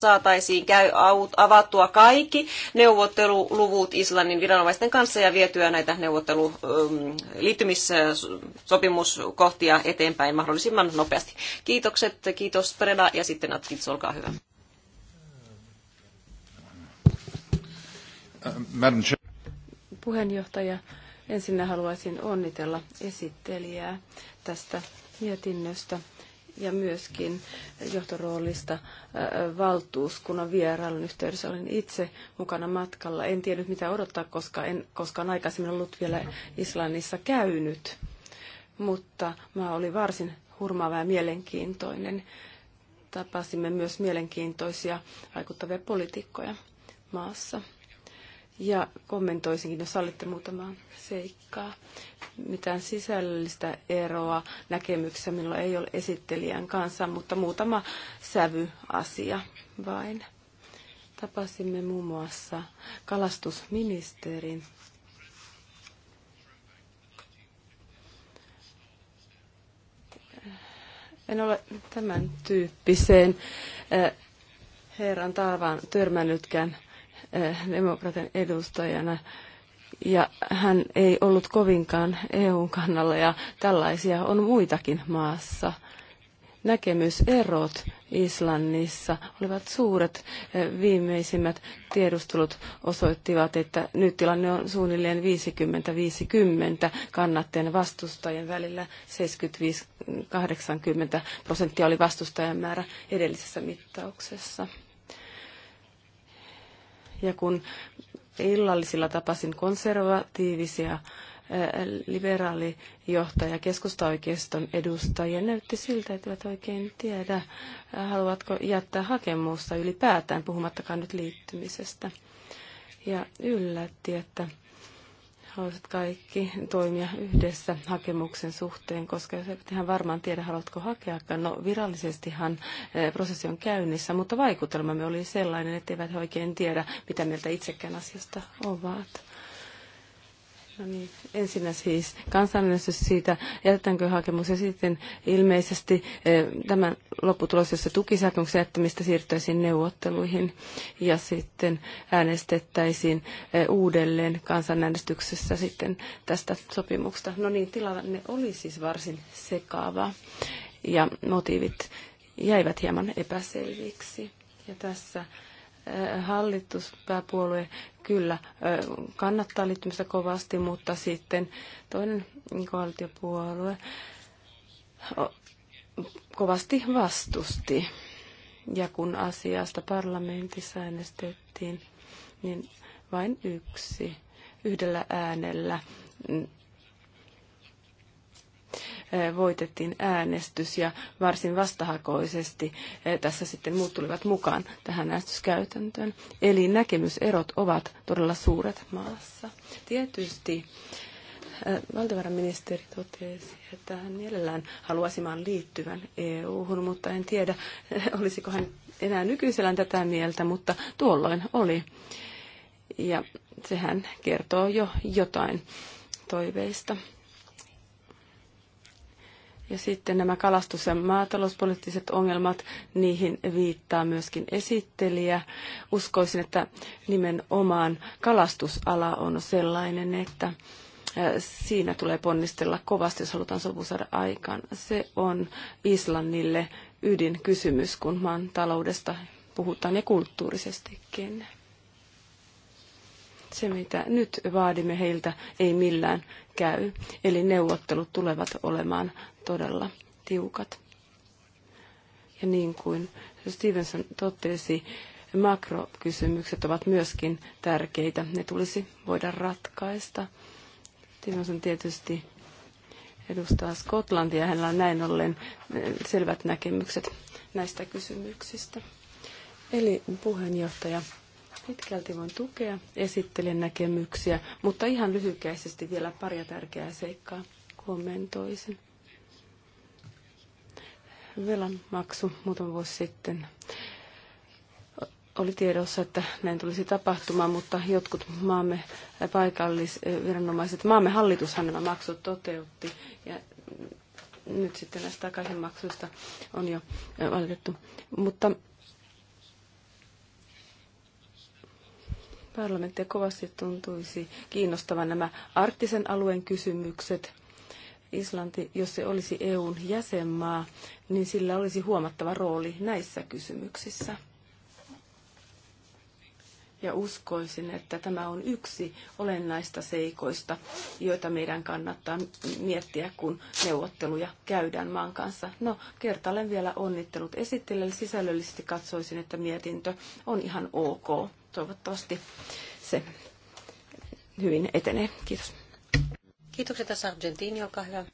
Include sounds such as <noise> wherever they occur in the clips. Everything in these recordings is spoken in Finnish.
saataisiin käy avattua kaikki neuvotteluluvut Islannin viranomaisten kanssa ja vietyä näitä neuvottelu liittymissopimuskohtia eteenpäin mahdollisimman nopeasti. Kiitokset, kiitos Preda ja sitten Atkins, olkaa hyvä. Puheenjohtaja, ensinnä haluaisin onnitella esittelijää tästä mietinnöstä ja myöskin johtoroolista äh, valtuuskunnan vierailun yhteydessä olin itse mukana matkalla. En tiennyt mitä odottaa, koska en koskaan aikaisemmin ollut vielä Islannissa käynyt, mutta mä oli varsin hurmaava ja mielenkiintoinen. Tapasimme myös mielenkiintoisia vaikuttavia poliitikkoja maassa. Ja kommentoisinkin, jos sallitte muutamaa seikkaa. Mitään sisällöllistä eroa näkemyksessä minulla ei ole esittelijän kanssa, mutta muutama sävyasia vain. Tapasimme muun muassa kalastusministerin en ole tämän tyyppiseen eh, herran taivaan törmännytkään Eh, demokratian edustajana ja hän ei ollut kovinkaan eu kannalla ja tällaisia on muitakin maassa. Näkemyserot Islannissa olivat suuret. Eh, viimeisimmät tiedustelut osoittivat, että nyt tilanne on suunnilleen 50-50 kannattajien ja vastustajien välillä. 75-80 prosenttia oli vastustajan määrä edellisessä mittauksessa. Ja kun illallisilla tapasin konservatiivisia liberaalijohtaja keskustaoikeiston edustajia. Näytti siltä, että eivät oikein tiedä, haluavatko jättää hakemusta ylipäätään, puhumattakaan nyt liittymisestä. Ja yllätti, että haluaisit kaikki toimia yhdessä hakemuksen suhteen, koska se ihan varmaan tiedä, haluatko hakea. No virallisestihan eh, prosessi on käynnissä, mutta vaikutelmamme oli sellainen, että eivät he oikein tiedä, mitä mieltä itsekään asiasta ovat. No niin, ensinnä siis kansanäänestys siitä, jätetäänkö hakemus ja sitten ilmeisesti eh, tämän lopputulos, jossa tukisäännöksen jättämistä siirtyisiin neuvotteluihin ja sitten äänestettäisiin eh, uudelleen kansanäänestyksessä sitten tästä sopimuksesta. No niin, tilanne oli siis varsin sekaava ja motiivit jäivät hieman epäselviksi. Ja tässä eh, hallituspääpuolue kyllä kannattaa liittymistä kovasti, mutta sitten toinen koalitiopuolue kovasti vastusti. Ja kun asiasta parlamentissa äänestettiin, niin vain yksi yhdellä äänellä voitettiin äänestys ja varsin vastahakoisesti tässä sitten muut tulivat mukaan tähän äänestyskäytäntöön. Eli näkemyserot ovat todella suuret maassa. Tietysti valtiovarainministeri totesi, että hän mielellään haluaisi maan liittyvän EU-hun, mutta en tiedä, <laughs> olisiko hän enää nykyisellään tätä mieltä, mutta tuolloin oli. Ja sehän kertoo jo jotain toiveista. Ja sitten nämä kalastus- ja maatalouspoliittiset ongelmat, niihin viittaa myöskin esittelijä. Uskoisin, että nimenomaan kalastusala on sellainen, että siinä tulee ponnistella kovasti, jos halutaan sopu saada aikaan. Se on Islannille ydinkysymys, kun maan taloudesta puhutaan ja kulttuurisestikin. Se, mitä nyt vaadimme heiltä, ei millään käy. Eli neuvottelut tulevat olemaan todella tiukat. Ja niin kuin Stevenson totesi, makrokysymykset ovat myöskin tärkeitä. Ne tulisi voida ratkaista. Stevenson tietysti edustaa Skotlantia. Hänellä on näin ollen eh, selvät näkemykset näistä kysymyksistä. Eli puheenjohtaja, Pitkälti voin tukea esittelen näkemyksiä, mutta ihan lyhykäisesti vielä pari tärkeää seikkaa kommentoisin. Velan maksu muutama vuosi sitten oli tiedossa, että näin tulisi tapahtumaan, mutta jotkut maamme paikallisviranomaiset, eh, maamme hallitushan nämä maksut toteutti ja nyt sitten näistä takaisinmaksuista on jo eh, valitettu. Mutta parlamenttia kovasti tuntuisi kiinnostavan nämä arktisen alueen kysymykset. Islanti, jos se olisi EUn jäsenmaa, niin sillä olisi huomattava rooli näissä kysymyksissä. Ja uskoisin, että tämä on yksi olennaista seikoista, joita meidän kannattaa miettiä, kun neuvotteluja käydään maan kanssa. No, kertaalleen vielä onnittelut esittelijälle. Sisällöllisesti katsoisin, että mietintö on ihan ok toivottavasti se hyvin etenee. Kiitos. Kiitokset tässä Argentiini, olkaa hyvä.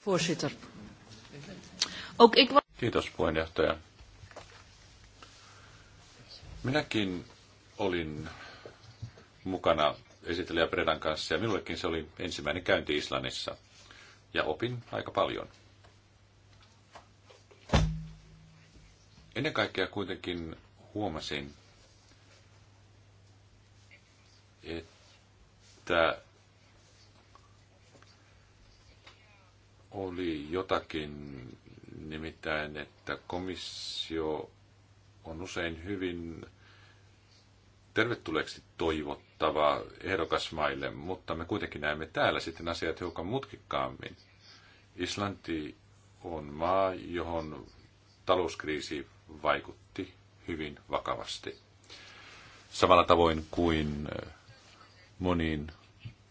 Kiitos puheenjohtaja. Minäkin olin mukana esittelijä Predan kanssa ja minullekin se oli ensimmäinen käynti Islannissa. Ja opin aika paljon. Ennen kaikkea kuitenkin huomasin, että oli jotakin, nimittäin, että komissio on usein hyvin tervetulleeksi toivottava ehdokasmaille, mutta me kuitenkin näemme täällä sitten asiat hiukan mutkikkaammin. Islanti on maa, johon talouskriisi vaikutti hyvin vakavasti. Samalla tavoin kuin moniin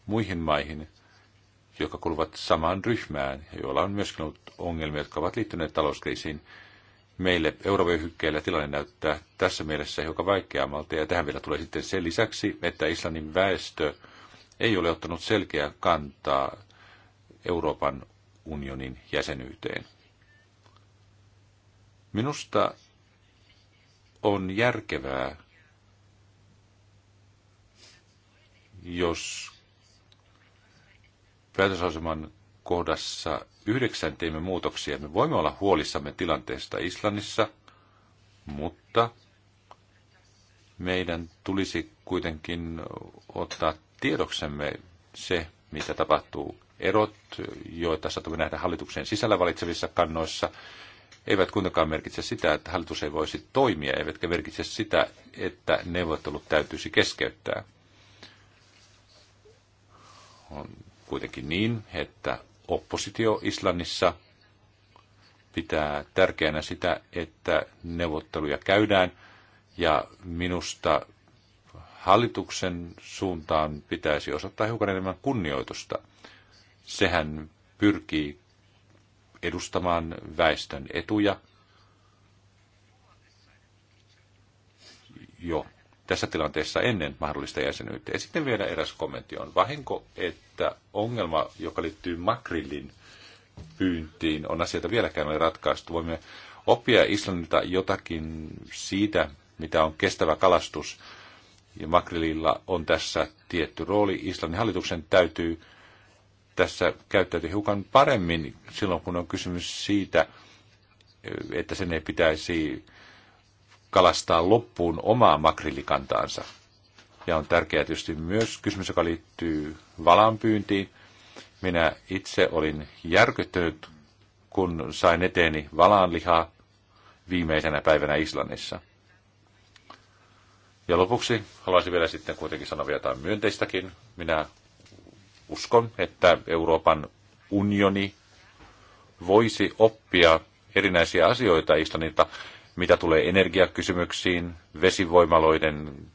muihin maihin, jotka kuuluvat samaan ryhmään ja joilla on myöskin ollut ongelmia, jotka ovat liittyneet talouskriisiin. Meille eurovyöhykkeellä tilanne näyttää tässä mielessä hiukan vaikeammalta ja tähän vielä tulee sitten sen lisäksi, että Islannin väestö ei ole ottanut selkeää kantaa Euroopan unionin jäsenyyteen. Minusta on järkevää jos päätösaseman kohdassa yhdeksän teimme muutoksia, me voimme olla huolissamme tilanteesta Islannissa, mutta meidän tulisi kuitenkin ottaa tiedoksemme se, mitä tapahtuu. Erot, joita saatamme nähdä hallituksen sisällä valitsevissa kannoissa, eivät kuitenkaan merkitse sitä, että hallitus ei voisi toimia, eivätkä merkitse sitä, että neuvottelut täytyisi keskeyttää on kuitenkin niin, että oppositio Islannissa pitää tärkeänä sitä, että neuvotteluja käydään ja minusta hallituksen suuntaan pitäisi osoittaa hiukan enemmän kunnioitusta. Sehän pyrkii edustamaan väestön etuja jo tässä tilanteessa ennen mahdollista jäsenyyttä. Ja sitten vielä eräs kommentti on vahinko, että ongelma, joka liittyy makrillin pyyntiin, on asioita vieläkään ole ratkaistu. Voimme oppia Islannilta jotakin siitä, mitä on kestävä kalastus. Ja makrillilla on tässä tietty rooli. Islannin hallituksen täytyy tässä käyttäytyy hiukan paremmin silloin, kun on kysymys siitä, että sen ei pitäisi kalastaa loppuun omaa makrillikantaansa. Ja on tärkeää tietysti myös kysymys, joka liittyy valanpyyntiin. Minä itse olin järkyttynyt, kun sain eteeni valanlihaa viimeisenä päivänä Islannissa. Ja lopuksi haluaisin vielä sitten kuitenkin sanoa vielä jotain myönteistäkin. Minä uskon, että Euroopan unioni voisi oppia erinäisiä asioita Islannilta mitä tulee energiakysymyksiin, vesivoimaloiden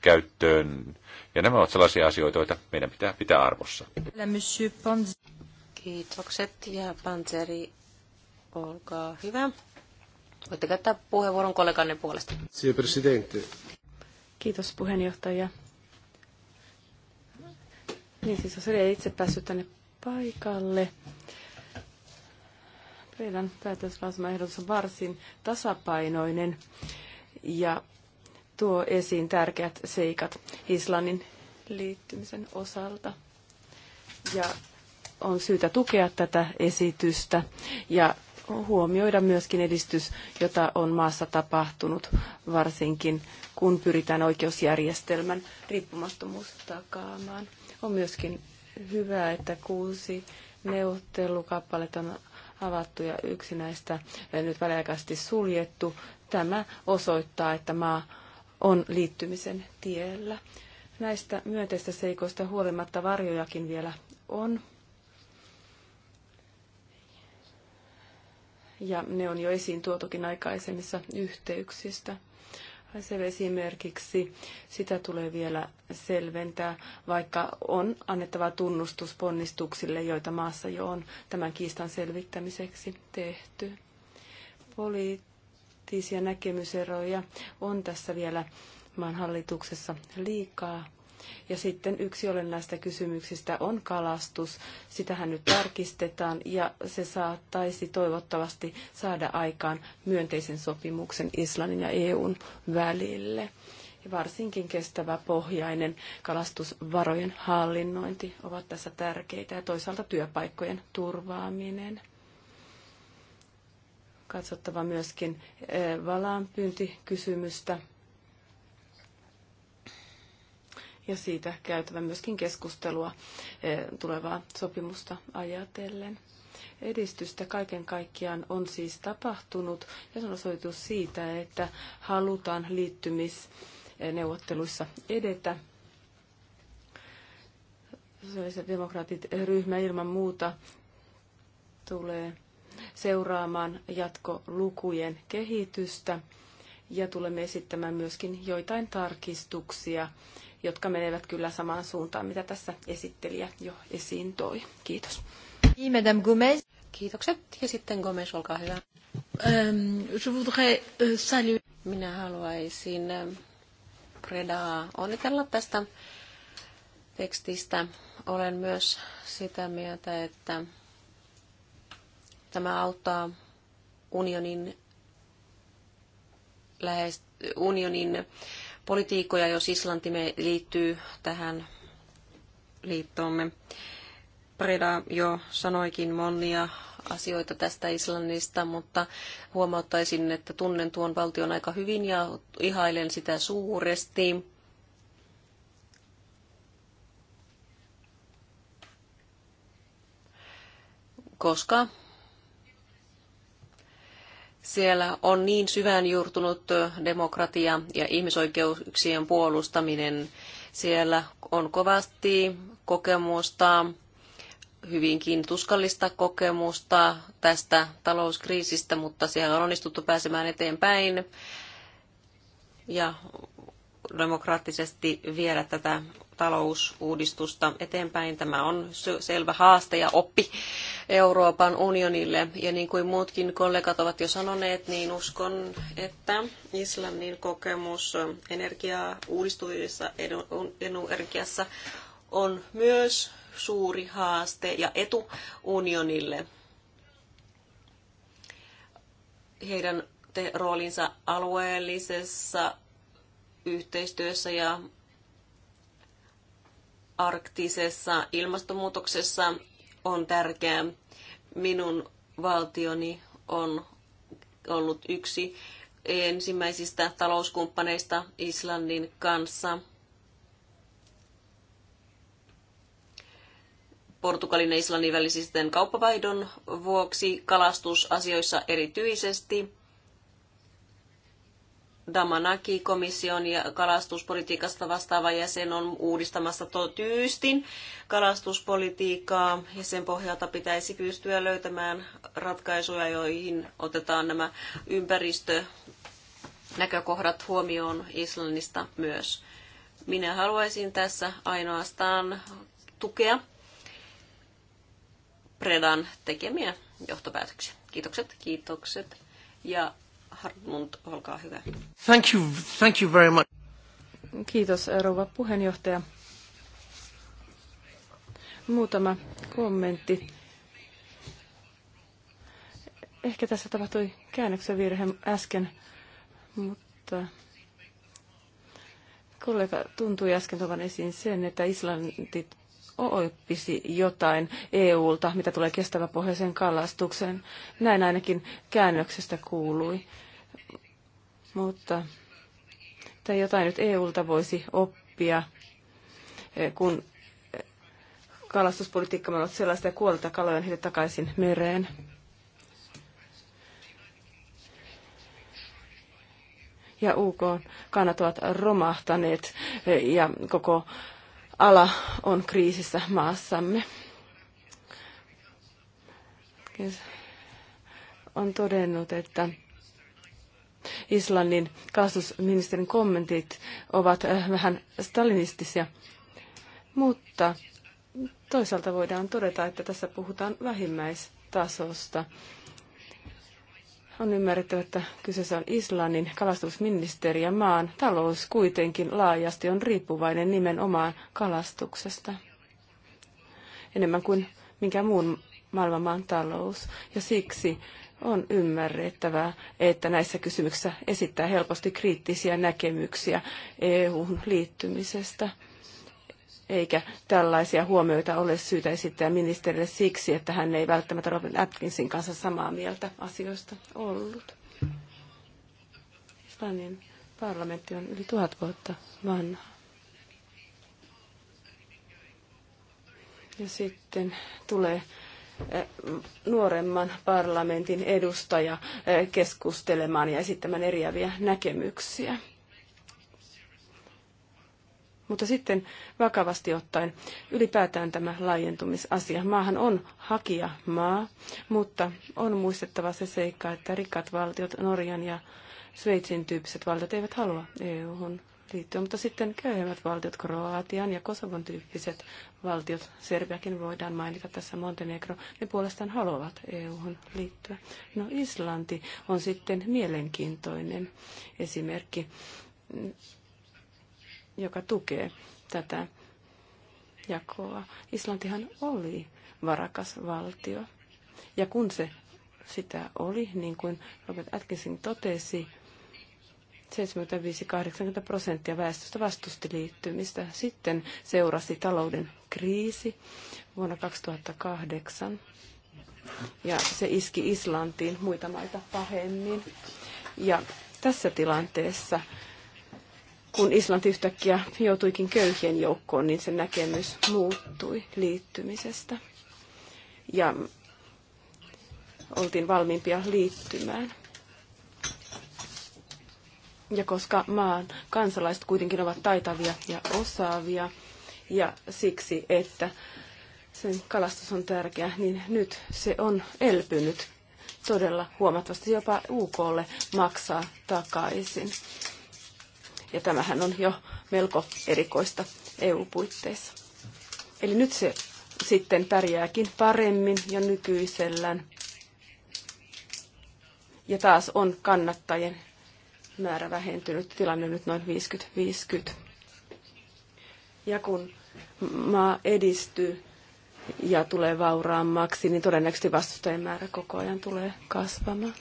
käyttöön. Ja nämä ovat sellaisia asioita, joita meidän pitää pitää arvossa. Kiitokset ja Panzeri, olkaa hyvä. Voitte käyttää puheenvuoron kolleganne puolesta. Kiitos puheenjohtaja. Niin siis Sosiaali itse päässyt tänne paikalle. Teidän päätöslausumaehdotus on varsin tasapainoinen ja tuo esiin tärkeät seikat Islannin liittymisen osalta. Ja on syytä tukea tätä esitystä ja huomioida myöskin edistys, jota on maassa tapahtunut, varsinkin kun pyritään oikeusjärjestelmän riippumattomuus takaamaan. On myöskin hyvä, että kuusi neuvottelukappaletta on avattu ja yksi näistä eh, nyt väliaikaisesti suljettu. Tämä osoittaa, että maa on liittymisen tiellä. Näistä myönteistä seikoista huolimatta varjojakin vielä on. Ja ne on jo esiin tuotukin aikaisemmissa yhteyksistä se esimerkiksi, sitä tulee vielä selventää, vaikka on annettava tunnustus ponnistuksille, joita maassa jo on tämän kiistan selvittämiseksi tehty. Poliittisia näkemyseroja on tässä vielä maan hallituksessa liikaa ja sitten yksi olennaista kysymyksistä on kalastus. Sitähän nyt tarkistetaan ja se saattaisi toivottavasti saada aikaan myönteisen sopimuksen Islannin ja EUn välille. Ja varsinkin kestävä pohjainen kalastusvarojen hallinnointi ovat tässä tärkeitä ja toisaalta työpaikkojen turvaaminen katsottava myöskin eh, valaanpyyntikysymystä ja siitä käytävä myöskin keskustelua eh, tulevaa sopimusta ajatellen. Edistystä kaiken kaikkiaan on siis tapahtunut ja se on osoitus siitä, että halutaan liittymisneuvotteluissa edetä sosiaaliset demokraatit ryhmä ilman muuta tulee seuraamaan jatkolukujen kehitystä ja tulemme esittämään myöskin joitain tarkistuksia, jotka menevät kyllä samaan suuntaan, mitä tässä esittelijä jo esiin toi. Kiitos. Madame Gomez. Kiitokset. Ja sitten Gomez, olkaa hyvä. Ähm, je voudrais äh, saluer. Minä haluaisin ähm, Predaa onnitella tästä tekstistä. Olen myös sitä mieltä, että tämä auttaa unionin, lähest, unionin politiikkoja, jos Islanti me liittyy tähän liittoomme. Preda jo sanoikin monia asioita tästä Islannista, mutta huomauttaisin, että tunnen tuon valtion aika hyvin ja ihailen sitä suuresti. Koska siellä on niin syvään juurtunut demokratia ja ihmisoikeuksien puolustaminen. Siellä on kovasti kokemusta, hyvinkin tuskallista kokemusta tästä talouskriisistä, mutta siellä on onnistuttu pääsemään eteenpäin ja demokraattisesti viedä tätä talousuudistusta eteenpäin. Tämä on selvä haaste ja oppi Euroopan unionille. Ja niin kuin muutkin kollegat ovat jo sanoneet, niin uskon, että Islannin kokemus energiaa uudistuvissa energiassa on myös suuri haaste ja etu unionille. Heidän roolinsa alueellisessa yhteistyössä ja arktisessa ilmastonmuutoksessa on tärkeää. Minun valtioni on ollut yksi ensimmäisistä talouskumppaneista Islannin kanssa. Portugalin ja Islannin välisisten kauppavaihdon vuoksi kalastusasioissa erityisesti – Damanaki, komission ja kalastuspolitiikasta vastaava jäsen, on uudistamassa tyystin kalastuspolitiikkaa ja sen pohjalta pitäisi pystyä löytämään ratkaisuja, joihin otetaan nämä ympäristönäkökohdat huomioon Islannista myös. Minä haluaisin tässä ainoastaan tukea Predan tekemiä johtopäätöksiä. Kiitokset, kiitokset. Ja Hartmund, olkaa hyvä. Thank you, thank you very much. Kiitos, rouva puheenjohtaja. Muutama kommentti. Ehkä tässä tapahtui käännöksen virhe äsken, mutta kollega tuntui äsken tuovan esiin sen, että Islanti oppisi jotain EUlta, mitä tulee kestäväpohjaiseen kalastukseen. Näin ainakin käännöksestä kuului. Mutta tai jotain nyt EUlta voisi oppia, eh, kun eh, kalastuspolitiikka on ollut sellaista kuolta kaloja heitä takaisin mereen. Ja UK kannat ovat romahtaneet eh, ja koko ala on kriisissä maassamme. On todennut, että Islannin kalastusministerin kommentit ovat äh, vähän stalinistisia, mutta toisaalta voidaan todeta, että tässä puhutaan vähimmäistasosta. On ymmärrettävä, että kyseessä on Islannin kalastusministeri ja maan talous kuitenkin laajasti on riippuvainen nimenomaan kalastuksesta. Enemmän kuin minkä muun maailman maan talous. Ja siksi on ymmärrettävää, että näissä kysymyksissä esittää helposti kriittisiä näkemyksiä EU:hun liittymisestä. Eikä tällaisia huomioita ole syytä esittää ministerille siksi, että hän ei välttämättä Robin Atkinsin kanssa samaa mieltä asioista ollut. Islannin parlamentti on yli tuhat vuotta vanha. Ja sitten tulee Eh, nuoremman parlamentin edustaja eh, keskustelemaan ja esittämään eriäviä näkemyksiä. Mutta sitten vakavasti ottaen ylipäätään tämä laajentumisasia. Maahan on hakijamaa, mutta on muistettava se seikka, että rikkaat valtiot, Norjan ja Sveitsin tyyppiset valtiot eivät halua EU-hun liittyy, mutta sitten köyhemmät valtiot, Kroatian ja Kosovon tyyppiset valtiot, Serbiakin voidaan mainita tässä Montenegro, ne puolestaan haluavat EU-hun liittyä. No Islanti on sitten mielenkiintoinen esimerkki, mm, joka tukee tätä jakoa. Islantihan oli varakas valtio. Ja kun se sitä oli, niin kuin Robert Atkinson totesi, 75-80 prosenttia väestöstä vastusti liittymistä. Sitten seurasi talouden kriisi vuonna 2008 ja se iski Islantiin muita maita pahemmin. Ja tässä tilanteessa, kun Islanti yhtäkkiä joutuikin köyhien joukkoon, niin sen näkemys muuttui liittymisestä. Ja oltiin valmiimpia liittymään. Ja koska maan kansalaiset kuitenkin ovat taitavia ja osaavia, ja siksi, että sen kalastus on tärkeä, niin nyt se on elpynyt todella huomattavasti. Jopa UKlle maksaa takaisin. Ja tämähän on jo melko erikoista EU-puitteissa. Eli nyt se sitten pärjääkin paremmin ja nykyisellään. Ja taas on kannattajien määrä vähentynyt, tilanne nyt noin 50-50. Ja kun maa edistyy ja tulee vauraammaksi, niin todennäköisesti vastustajien määrä koko ajan tulee kasvamaan.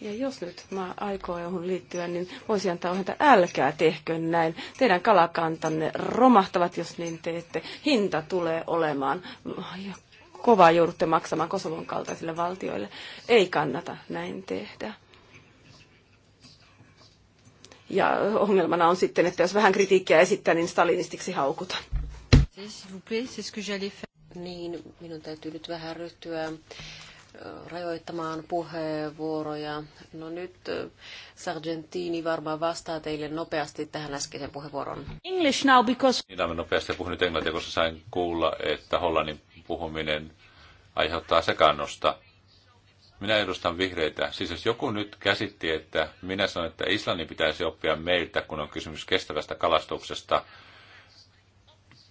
Ja jos nyt mä aikoo johon liittyä, niin voisi antaa ohjelta, älkää tehkö näin. Teidän kalakantanne romahtavat, jos niin teette. Hinta tulee olemaan kovaa joudutte maksamaan Kosovon kaltaisille valtioille. Ei kannata näin tehdä. Ja ongelmana on sitten, että jos vähän kritiikkiä esittää, niin stalinistiksi haukuta. Niin, minun täytyy nyt vähän ryhtyä rajoittamaan puheenvuoroja. No nyt Sargentini varmaan vastaa teille nopeasti tähän äskeisen puheenvuoron. English now because... Minä niin, olen nopeasti puhun nyt englantia, koska sain kuulla, että hollannin puhuminen aiheuttaa sekannosta. Minä edustan vihreitä. Siis jos joku nyt käsitti, että minä sanon, että Islannin pitäisi oppia meiltä, kun on kysymys kestävästä kalastuksesta,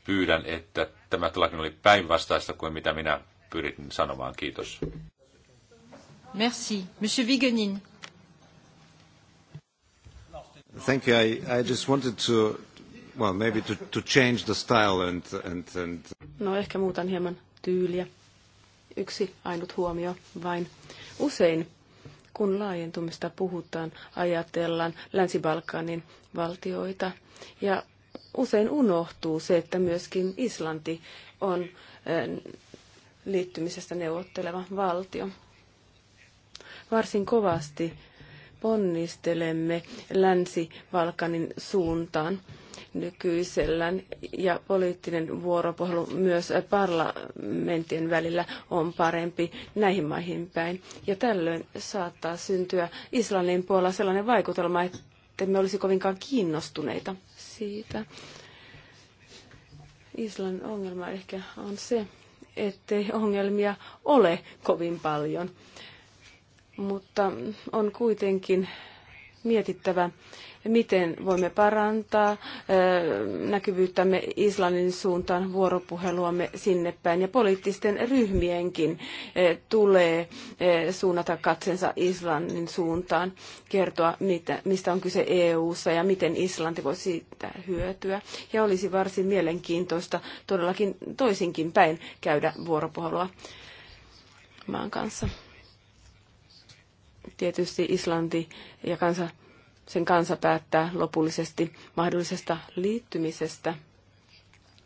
pyydän, että tämä todellakin oli päinvastaista kuin mitä minä pyritin sanomaan. Kiitos. Merci. Monsieur Vigenin. Thank you. I, I just wanted to, well, maybe to, to change the style and, and, and... No ehkä muutan hieman tyyliä. Yksi ainut huomio vain. Usein, kun laajentumista puhutaan, ajatellaan Länsi-Balkanin valtioita. Ja usein unohtuu se, että myöskin Islanti on liittymisestä neuvotteleva valtio. Varsin kovasti ponnistelemme Länsi-Balkanin suuntaan nykyisellään ja poliittinen vuoropuhelu myös parlamenttien välillä on parempi näihin maihin päin. Ja tällöin saattaa syntyä Islannin puolella sellainen vaikutelma, että me olisi kovinkaan kiinnostuneita siitä. Islannin ongelma ehkä on se, ettei ongelmia ole kovin paljon. Mutta on kuitenkin mietittävä, miten voimme parantaa näkyvyyttämme Islannin suuntaan, vuoropuheluamme sinne päin. Ja poliittisten ryhmienkin tulee suunnata katsensa Islannin suuntaan, kertoa mistä on kyse EU-ssa ja miten Islanti voi siitä hyötyä. Ja olisi varsin mielenkiintoista todellakin toisinkin päin käydä vuoropuhelua maan kanssa tietysti Islanti ja kansa sen kansa päättää lopullisesti mahdollisesta liittymisestä.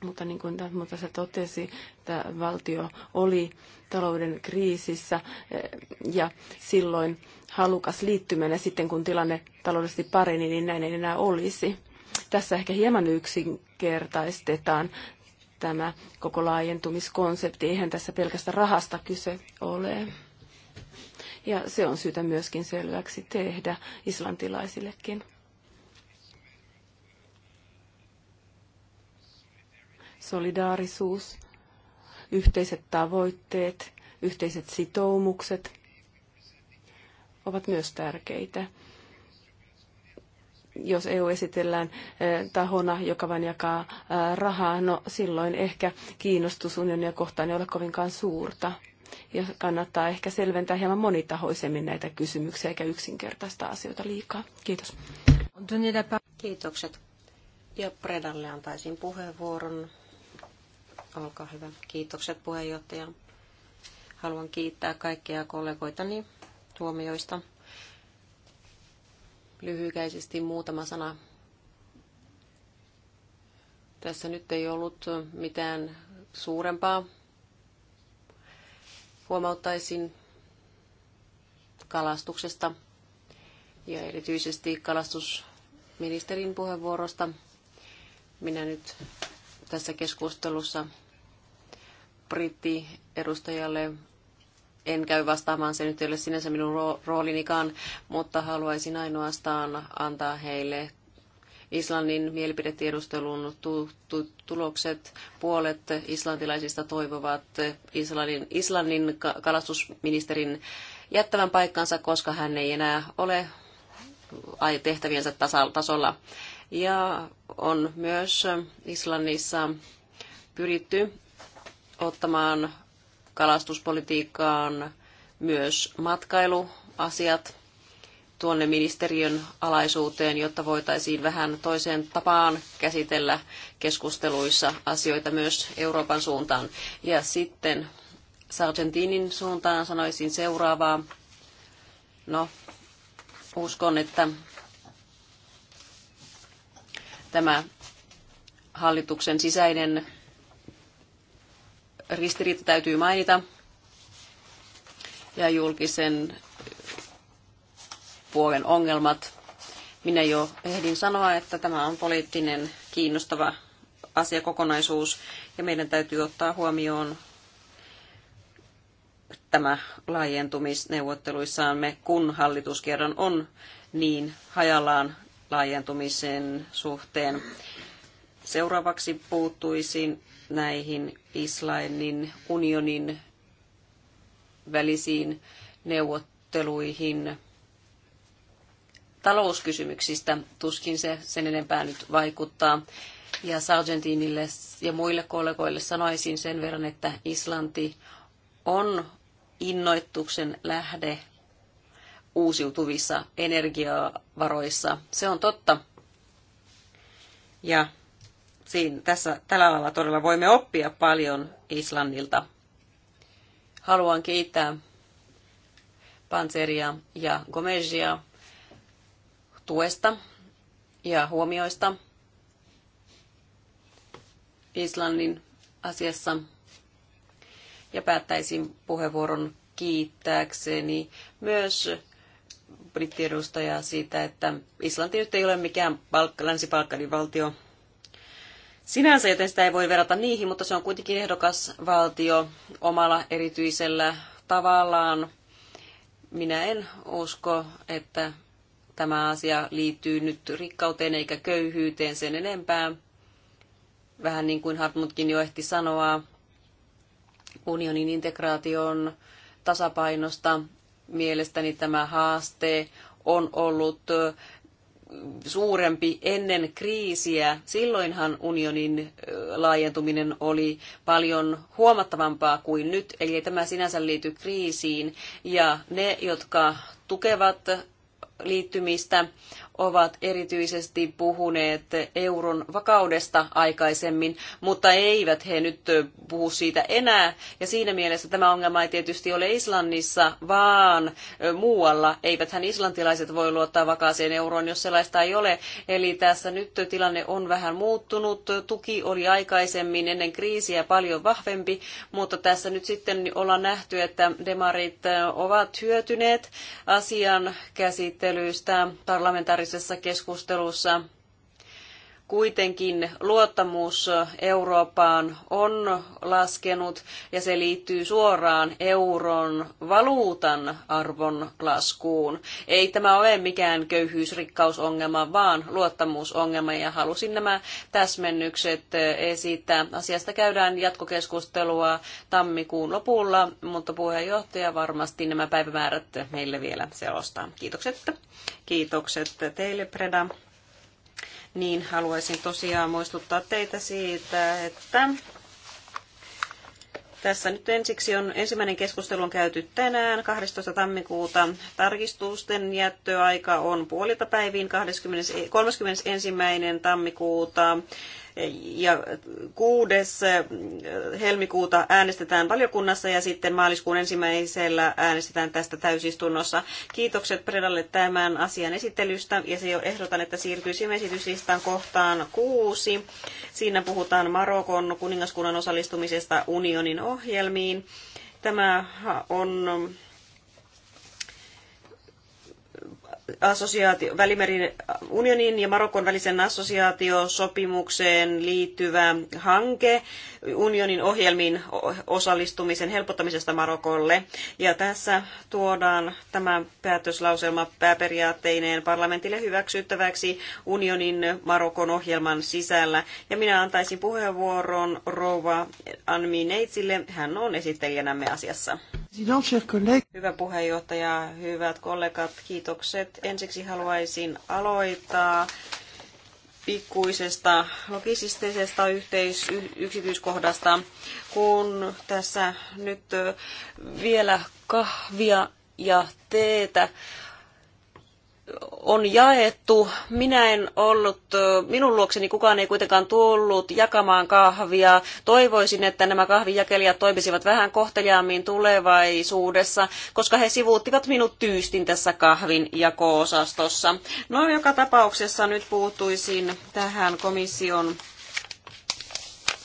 Mutta niin kuin mutta se totesi, että valtio oli talouden kriisissä eh, ja silloin halukas liittymään ja sitten kun tilanne taloudellisesti pareni, niin näin ei enää olisi. Tässä ehkä hieman yksinkertaistetaan tämä koko laajentumiskonsepti. Eihän tässä pelkästä rahasta kyse ole ja se on syytä myöskin selväksi tehdä islantilaisillekin. Solidaarisuus, yhteiset tavoitteet, yhteiset sitoumukset ovat myös tärkeitä jos EU esitellään eh, tahona, joka vain jakaa eh, rahaa, no silloin ehkä kiinnostus unionia kohtaan ei ole kovinkaan suurta ja kannattaa ehkä selventää hieman monitahoisemmin näitä kysymyksiä eikä yksinkertaista asioita liikaa. Kiitos. Kiitokset. Ja Predalle antaisin puheenvuoron. Olkaa hyvä. Kiitokset puheenjohtaja. Haluan kiittää kaikkia kollegoitani tuomioista. Lyhykäisesti muutama sana. Tässä nyt ei ollut mitään suurempaa huomauttaisin kalastuksesta ja erityisesti kalastusministerin puheenvuorosta. Minä nyt tässä keskustelussa britti edustajalle en käy vastaamaan, se nyt ei ole sinänsä minun roolinikaan, mutta haluaisin ainoastaan antaa heille Islannin mielipidetiedustelun tu- tu- tulokset. Puolet islantilaisista toivovat Islannin, Islannin kalastusministerin jättävän paikkansa, koska hän ei enää ole tehtäviensä tasolla. Ja on myös Islannissa pyritty ottamaan kalastuspolitiikkaan myös matkailuasiat tuonne ministeriön alaisuuteen, jotta voitaisiin vähän toiseen tapaan käsitellä keskusteluissa asioita myös Euroopan suuntaan. Ja sitten Sargentinin suuntaan sanoisin seuraavaa. No, uskon, että tämä hallituksen sisäinen ristiriita täytyy mainita ja julkisen puolen ongelmat. Minä jo ehdin sanoa, että tämä on poliittinen kiinnostava asiakokonaisuus ja meidän täytyy ottaa huomioon tämä laajentumisneuvotteluissaamme, kun hallitus on niin hajallaan laajentumisen suhteen. Seuraavaksi puuttuisin näihin Islannin unionin välisiin neuvotteluihin talouskysymyksistä. Tuskin se sen enempää nyt vaikuttaa. Ja Sargentinille ja muille kollegoille sanoisin sen verran, että Islanti on innoituksen lähde uusiutuvissa energiavaroissa. Se on totta. Ja siinä, tässä, tällä alalla todella voimme oppia paljon Islannilta. Haluan kiittää Panseria ja Gomezia tuesta ja huomioista Islannin asiassa. Ja päättäisin puheenvuoron kiittääkseni myös brittiedustajaa siitä, että Islanti nyt ei ole mikään palkka, länsi-Balkanin valtio sinänsä, joten sitä ei voi verrata niihin, mutta se on kuitenkin ehdokas valtio omalla erityisellä tavallaan. Minä en usko, että Tämä asia liittyy nyt rikkauteen eikä köyhyyteen sen enempää. Vähän niin kuin Hartmutkin jo ehti sanoa, unionin integraation tasapainosta mielestäni tämä haaste on ollut suurempi ennen kriisiä. Silloinhan unionin laajentuminen oli paljon huomattavampaa kuin nyt, eli tämä sinänsä liity kriisiin. Ja ne, jotka tukevat liittymistä ovat erityisesti puhuneet euron vakaudesta aikaisemmin, mutta eivät he nyt puhu siitä enää. Ja siinä mielessä tämä ongelma ei tietysti ole Islannissa, vaan muualla. Eiväthän islantilaiset voi luottaa vakaaseen euroon, jos sellaista ei ole. Eli tässä nyt tilanne on vähän muuttunut. Tuki oli aikaisemmin ennen kriisiä paljon vahvempi, mutta tässä nyt sitten ollaan nähty, että demarit ovat hyötyneet asian käsittelystä parlamentaarisesti kansainvälisessä keskustelussa Kuitenkin luottamus Eurooppaan on laskenut ja se liittyy suoraan euron valuutan arvon laskuun. Ei tämä ole mikään köyhyysrikkausongelma, vaan luottamusongelma ja halusin nämä täsmennykset esittää. Asiasta käydään jatkokeskustelua tammikuun lopulla, mutta puheenjohtaja varmasti nämä päivämäärät meille vielä selostaa. Kiitokset. Kiitokset teille, Preda niin haluaisin tosiaan muistuttaa teitä siitä, että tässä nyt ensiksi on ensimmäinen keskustelu on käyty tänään 12. tammikuuta. Tarkistusten jättöaika on puolilta päiviin 20, 31. tammikuuta ja 6. Eh, helmikuuta äänestetään valiokunnassa ja sitten maaliskuun ensimmäisellä äänestetään tästä täysistunnossa. Kiitokset Predalle tämän asian esittelystä ja se ehdotan, että siirtyisimme esityslistan kohtaan kuusi. Siinä puhutaan Marokon kuningaskunnan osallistumisesta unionin ohjelmiin. Tämä on assosiaatio, Välimerin unionin ja Marokon välisen assosiaatiosopimukseen liittyvä hanke unionin ohjelmiin osallistumisen helpottamisesta Marokolle. Ja tässä tuodaan tämä päätöslauselma pääperiaatteineen parlamentille hyväksyttäväksi unionin Marokon ohjelman sisällä. Ja minä antaisin puheenvuoron rouva Anmi Neitsille. Hän on esittelijänämme asiassa. Hyvä puheenjohtaja, hyvät kollegat, kiitokset. Ensiksi haluaisin aloittaa pikkuisesta logisistisesta yhteis- yksityiskohdasta, kun tässä nyt vielä kahvia ja teetä on jaettu. Minä en ollut, minun luokseni kukaan ei kuitenkaan tullut jakamaan kahvia. Toivoisin, että nämä kahvinjakelijat toimisivat vähän kohteliaammin tulevaisuudessa, koska he sivuuttivat minut tyystin tässä kahvin jako-osastossa. No joka tapauksessa nyt puuttuisin tähän komission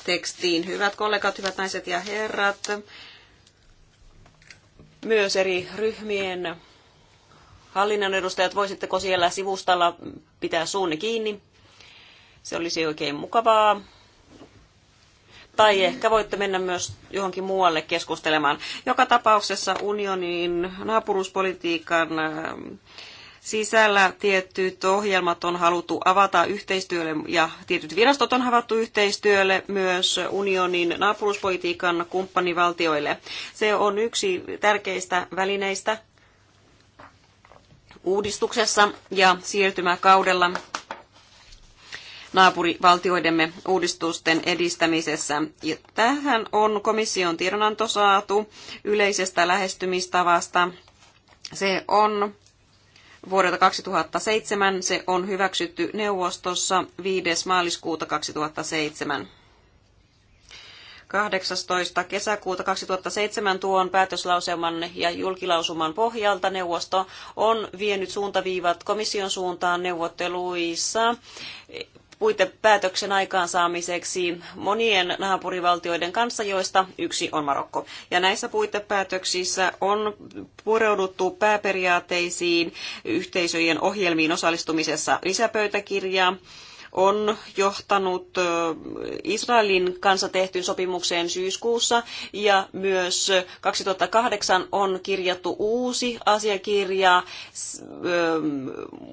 tekstiin. Hyvät kollegat, hyvät naiset ja herrat, myös eri ryhmien Hallinnon edustajat, voisitteko siellä sivustalla pitää suunne kiinni? Se olisi oikein mukavaa. Tai ehkä voitte mennä myös johonkin muualle keskustelemaan. Joka tapauksessa unionin naapuruuspolitiikan ähm, sisällä tietyt ohjelmat on haluttu avata yhteistyölle ja tietyt virastot on havattu yhteistyölle myös unionin naapuruuspolitiikan kumppanivaltioille. Se on yksi tärkeistä välineistä uudistuksessa ja siirtymäkaudella naapurivaltioidemme uudistusten edistämisessä. Ja tähän on komission tiedonanto saatu yleisestä lähestymistavasta. Se on vuodelta 2007, se on hyväksytty neuvostossa 5. maaliskuuta 2007. 18. kesäkuuta 2007 tuon päätöslauselman ja julkilausuman pohjalta neuvosto on vienyt suuntaviivat komission suuntaan neuvotteluissa puitepäätöksen aikaansaamiseksi monien naapurivaltioiden kanssa, joista yksi on Marokko. Ja näissä puitepäätöksissä on pureuduttu pääperiaatteisiin yhteisöjen ohjelmiin osallistumisessa lisäpöytäkirjaa on johtanut Israelin kanssa tehtyyn sopimukseen syyskuussa ja myös 2008 on kirjattu uusi asiakirja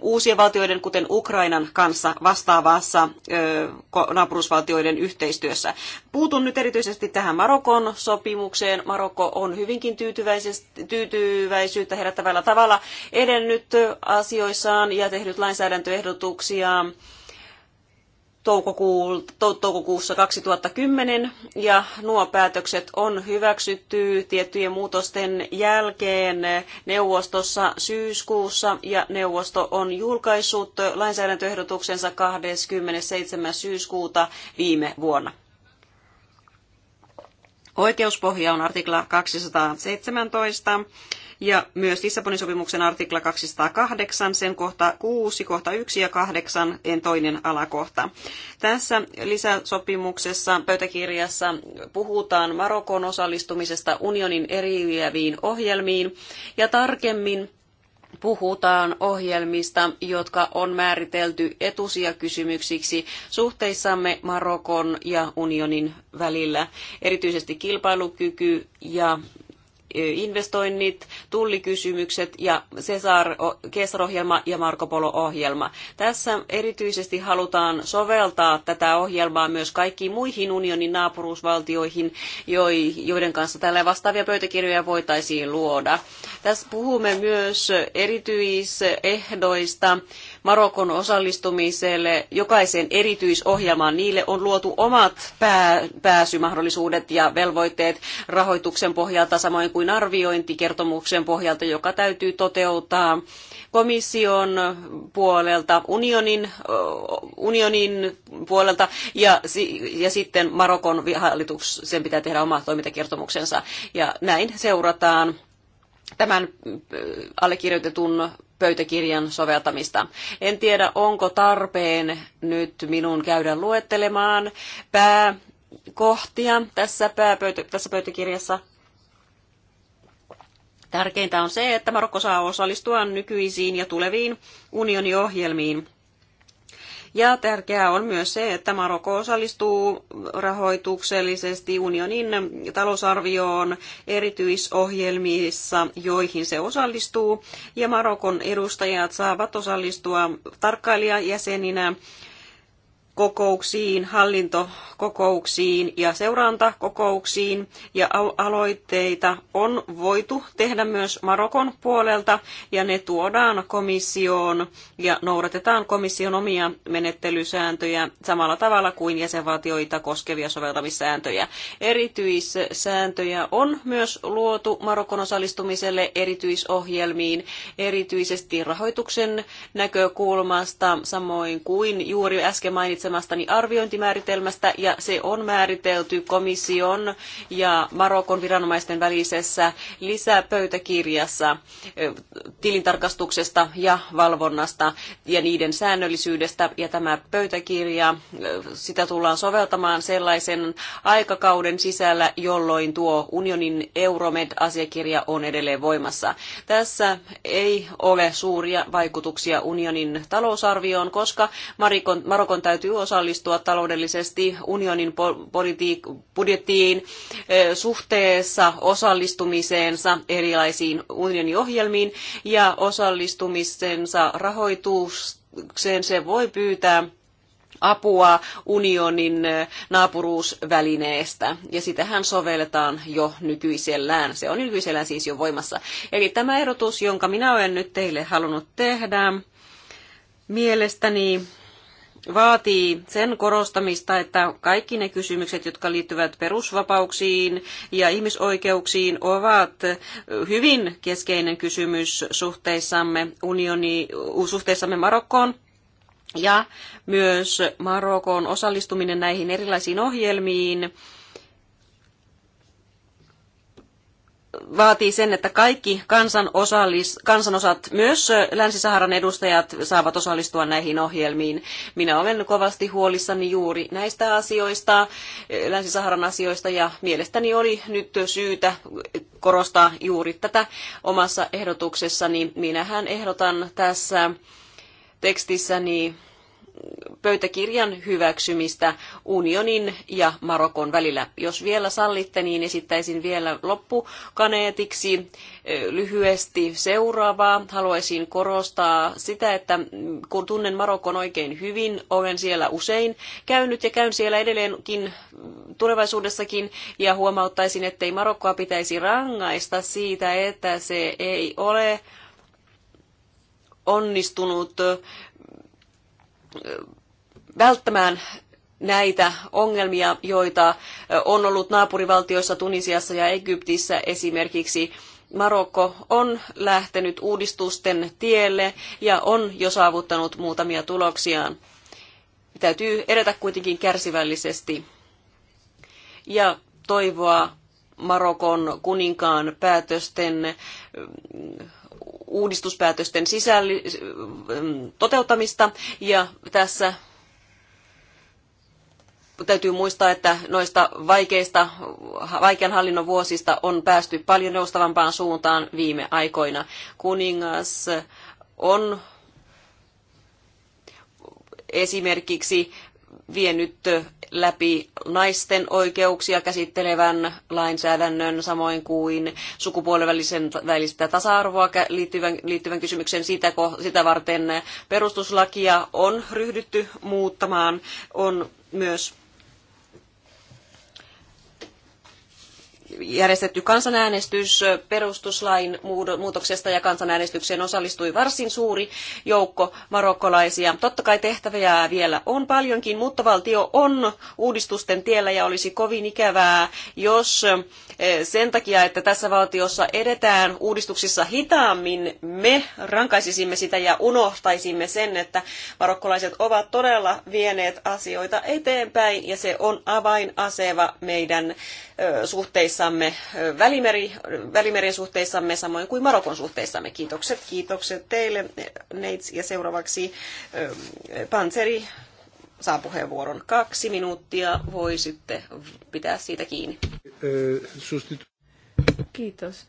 uusien valtioiden, kuten Ukrainan kanssa vastaavassa naapurusvaltioiden yhteistyössä. Puutun nyt erityisesti tähän Marokon sopimukseen. Marokko on hyvinkin tyytyväisyyttä herättävällä tavalla edennyt asioissaan ja tehnyt lainsäädäntöehdotuksia toukokuussa 2010 ja nuo päätökset on hyväksytty tiettyjen muutosten jälkeen neuvostossa syyskuussa ja neuvosto on julkaissut lainsäädäntöehdotuksensa 27. syyskuuta viime vuonna. Oikeuspohja on artikla 217 ja myös Lissabonin sopimuksen artikla 208, sen kohta 6, kohta 1 ja 8, en toinen alakohta. Tässä lisäsopimuksessa pöytäkirjassa puhutaan Marokon osallistumisesta unionin eriäviin ohjelmiin ja tarkemmin puhutaan ohjelmista, jotka on määritelty etusijakysymyksiksi suhteissamme Marokon ja unionin välillä, erityisesti kilpailukyky ja investoinnit, tullikysymykset ja Cesar Kesar-ohjelma ja Marco Polo-ohjelma. Tässä erityisesti halutaan soveltaa tätä ohjelmaa myös kaikkiin muihin unionin naapuruusvaltioihin, joiden kanssa tällä vastaavia pöytäkirjoja voitaisiin luoda. Tässä puhumme myös erityisehdoista, Marokon osallistumiselle jokaiseen erityisohjelmaan. Niille on luotu omat pää, pääsymahdollisuudet ja velvoitteet rahoituksen pohjalta, samoin kuin arviointikertomuksen pohjalta, joka täytyy toteuttaa komission puolelta, unionin, unionin puolelta ja, ja sitten Marokon hallituksen pitää tehdä oma toimintakertomuksensa. Ja näin seurataan tämän äh, allekirjoitetun pöytäkirjan soveltamista. En tiedä, onko tarpeen nyt minun käydä luettelemaan pääkohtia tässä, pääpöytä, tässä pöytäkirjassa. Tärkeintä on se, että Marokko saa osallistua nykyisiin ja tuleviin unioniohjelmiin. ohjelmiin ja tärkeää on myös se, että Marokko osallistuu rahoituksellisesti unionin talousarvioon erityisohjelmissa, joihin se osallistuu. Ja Marokon edustajat saavat osallistua tarkkailijajäseninä kokouksiin, hallintokokouksiin ja seurantakokouksiin ja aloitteita on voitu tehdä myös Marokon puolelta ja ne tuodaan komissioon ja noudatetaan komission omia menettelysääntöjä samalla tavalla kuin jäsenvaltioita koskevia soveltamissääntöjä. Erityissääntöjä on myös luotu Marokon osallistumiselle erityisohjelmiin, erityisesti rahoituksen näkökulmasta, samoin kuin juuri äsken mainitsin mainitsemastani arviointimääritelmästä ja se on määritelty komission ja Marokon viranomaisten välisessä lisäpöytäkirjassa tilintarkastuksesta ja valvonnasta ja niiden säännöllisyydestä ja tämä pöytäkirja, sitä tullaan soveltamaan sellaisen aikakauden sisällä, jolloin tuo unionin Euromed-asiakirja on edelleen voimassa. Tässä ei ole suuria vaikutuksia unionin talousarvioon, koska Marikon, Marokon täytyy osallistua taloudellisesti unionin budjettiin eh, suhteessa osallistumiseensa erilaisiin unionin ohjelmiin ja osallistumisensa rahoitukseen se voi pyytää apua unionin eh, naapuruusvälineestä, ja sitähän sovelletaan jo nykyisellään. Se on nykyisellään siis jo voimassa. Eli tämä ehdotus, jonka minä olen nyt teille halunnut tehdä, mielestäni vaatii sen korostamista, että kaikki ne kysymykset, jotka liittyvät perusvapauksiin ja ihmisoikeuksiin, ovat hyvin keskeinen kysymys suhteissamme, unioni, suhteissamme Marokkoon. Ja myös Marokon osallistuminen näihin erilaisiin ohjelmiin vaatii sen, että kaikki kansan osallis, kansanosat, myös Länsi-Saharan edustajat, saavat osallistua näihin ohjelmiin. Minä olen kovasti huolissani juuri näistä asioista, Länsi-Saharan asioista, ja mielestäni oli nyt syytä korostaa juuri tätä omassa ehdotuksessani. Minähän ehdotan tässä tekstissäni pöytäkirjan hyväksymistä unionin ja Marokon välillä. Jos vielä sallitte, niin esittäisin vielä loppukaneetiksi lyhyesti seuraavaa. Haluaisin korostaa sitä, että kun tunnen Marokon oikein hyvin, olen siellä usein käynyt ja käyn siellä edelleenkin tulevaisuudessakin ja huomauttaisin, ettei Marokkoa pitäisi rangaista siitä, että se ei ole onnistunut välttämään näitä ongelmia, joita on ollut naapurivaltioissa Tunisiassa ja Egyptissä esimerkiksi. Marokko on lähtenyt uudistusten tielle ja on jo saavuttanut muutamia tuloksiaan. Täytyy edetä kuitenkin kärsivällisesti ja toivoa Marokon kuninkaan päätösten uudistuspäätösten sisälli, mm, toteuttamista ja tässä täytyy muistaa, että noista vaikeista, vaikean hallinnon vuosista on päästy paljon joustavampaan suuntaan viime aikoina. Kuningas on esimerkiksi vienyt läpi naisten oikeuksia käsittelevän lainsäädännön, samoin kuin sukupuolivälisen välistä tasa-arvoa liittyvän, liittyvän kysymyksen. Sitä, sitä varten perustuslakia on ryhdytty muuttamaan. On myös järjestetty kansanäänestys perustuslain muutoksesta ja kansanäänestykseen osallistui varsin suuri joukko marokkolaisia. Totta kai tehtäviä vielä on paljonkin, mutta valtio on uudistusten tiellä ja olisi kovin ikävää, jos Eh, sen takia, että tässä valtiossa edetään uudistuksissa hitaammin, me rankaisisimme sitä ja unohtaisimme sen, että marokkolaiset ovat todella vieneet asioita eteenpäin ja se on avainaseva meidän suhteissamme, välimeri, suhteissamme samoin kuin Marokon suhteissamme. Kiitokset, kiitokset teille Neits ja seuraavaksi Panseri saa puheenvuoron kaksi minuuttia. Voi sitten pitää siitä kiinni. Kiitos.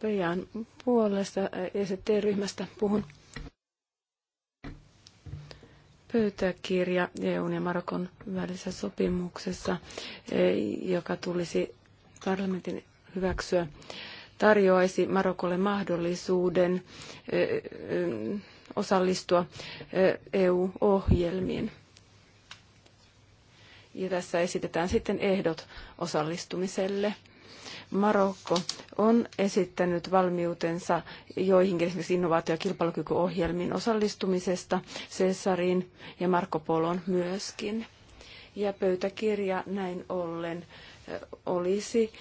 Pejan puolesta ECT-ryhmästä puhun. Pöytäkirja EUn ja Marokon välisessä sopimuksessa, joka tulisi parlamentin hyväksyä, tarjoaisi Marokolle mahdollisuuden osallistua EU-ohjelmiin. Ja tässä esitetään sitten ehdot osallistumiselle. Marokko on esittänyt valmiutensa joihinkin esimerkiksi innovaatio- ja kilpailukykyohjelmiin osallistumisesta, Cesarin ja Marko Polon myöskin. Ja pöytäkirja näin ollen olisi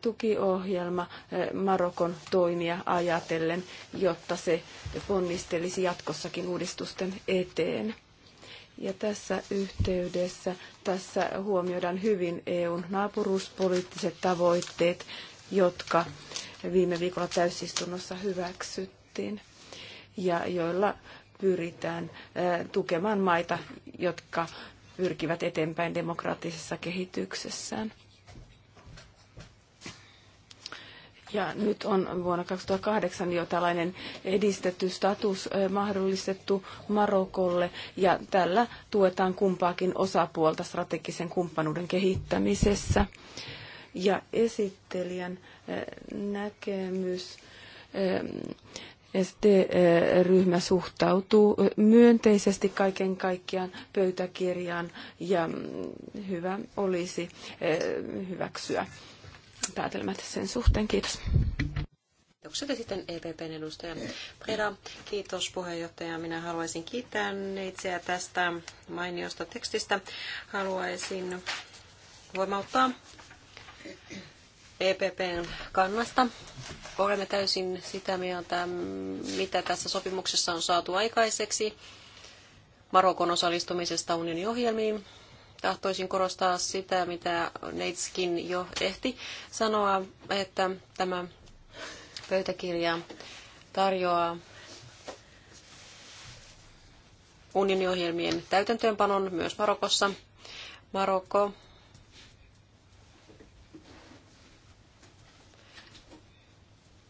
tukiohjelma Marokon toimia ajatellen, jotta se ponnistelisi jatkossakin uudistusten eteen. Ja tässä yhteydessä tässä huomioidaan hyvin EUn naapuruuspoliittiset tavoitteet, jotka viime viikolla täysistunnossa hyväksyttiin ja joilla pyritään tukemaan maita, jotka pyrkivät eteenpäin demokraattisessa kehityksessään. Ja nyt on vuonna 2008 jo tällainen edistetty status mahdollistettu Marokolle ja tällä tuetaan kumpaakin osapuolta strategisen kumppanuuden kehittämisessä. Ja esittelijän näkemys ST-ryhmä suhtautuu myönteisesti kaiken kaikkiaan pöytäkirjaan ja mm, hyvä olisi hyväksyä päätelmät sen suhteen. Kiitos. Kiitokset ja sitten EPPn edustaja Preda. Kiitos puheenjohtaja. Minä haluaisin kiittää itseä tästä mainiosta tekstistä. Haluaisin voimauttaa EPPn kannasta. Olemme täysin sitä mieltä, mitä tässä sopimuksessa on saatu aikaiseksi Marokon osallistumisesta unionin ohjelmiin tahtoisin korostaa sitä, mitä Neitskin jo ehti sanoa, että tämä pöytäkirja tarjoaa unioniohjelmien täytäntöönpanon myös Marokossa. Marokko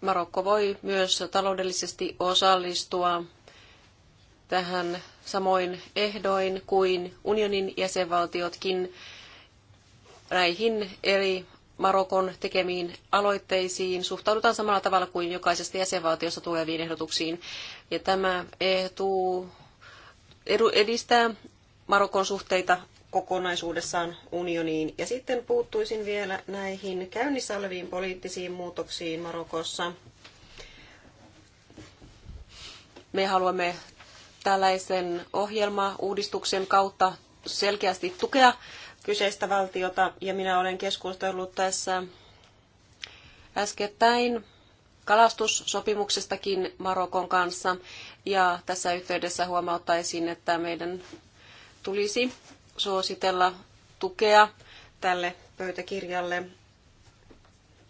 Marokko voi myös taloudellisesti osallistua tähän samoin ehdoin kuin unionin jäsenvaltiotkin näihin eri Marokon tekemiin aloitteisiin suhtaudutaan samalla tavalla kuin jokaisesta jäsenvaltiosta tuleviin ehdotuksiin. Ja tämä etu edistää Marokon suhteita kokonaisuudessaan unioniin. Ja sitten puuttuisin vielä näihin käynnissä oleviin poliittisiin muutoksiin Marokossa. Me haluamme tällaisen ohjelmauudistuksen kautta selkeästi tukea kyseistä valtiota, ja minä olen keskustellut tässä äskettäin kalastussopimuksestakin Marokon kanssa, ja tässä yhteydessä huomauttaisin, että meidän tulisi suositella tukea tälle pöytäkirjalle,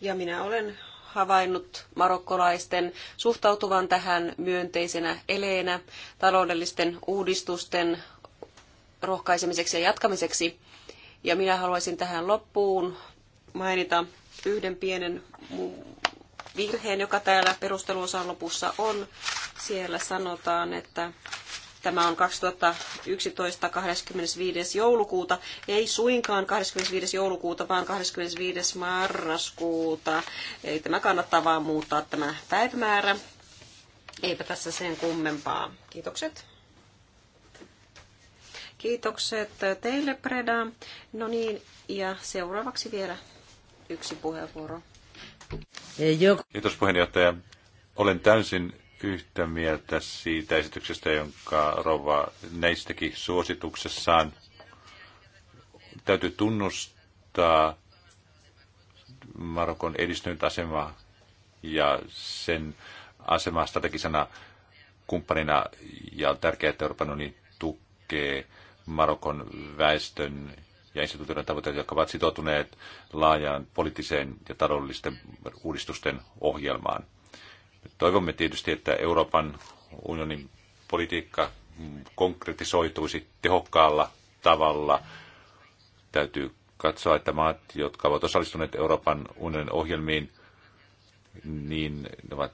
ja minä olen havainnut marokkolaisten suhtautuvan tähän myönteisenä eleenä taloudellisten uudistusten rohkaisemiseksi ja jatkamiseksi. Ja minä haluaisin tähän loppuun mainita yhden pienen virheen, joka täällä perusteluosan lopussa on. Siellä sanotaan, että Tämä on 2011 25. joulukuuta, ei suinkaan 25. joulukuuta, vaan 25. marraskuuta. Eli tämä kannattaa vaan muuttaa tämä päivämäärä. Eipä tässä sen kummempaa. Kiitokset. Kiitokset teille, Preda. No niin, ja seuraavaksi vielä yksi puheenvuoro. Kiitos puheenjohtaja. Olen täysin yhtä mieltä siitä esityksestä, jonka Rova näistäkin suosituksessaan täytyy tunnustaa Marokon edistynyt asema ja sen asema strategisena kumppanina ja on tärkeää, että Euroopan unioni tukee Marokon väestön ja instituutioiden tavoitteita, jotka ovat sitoutuneet laajaan poliittiseen ja taloudellisten uudistusten ohjelmaan. Toivomme tietysti, että Euroopan unionin politiikka konkretisoituisi tehokkaalla tavalla. Täytyy katsoa, että maat, jotka ovat osallistuneet Euroopan unionin ohjelmiin, niin ne ovat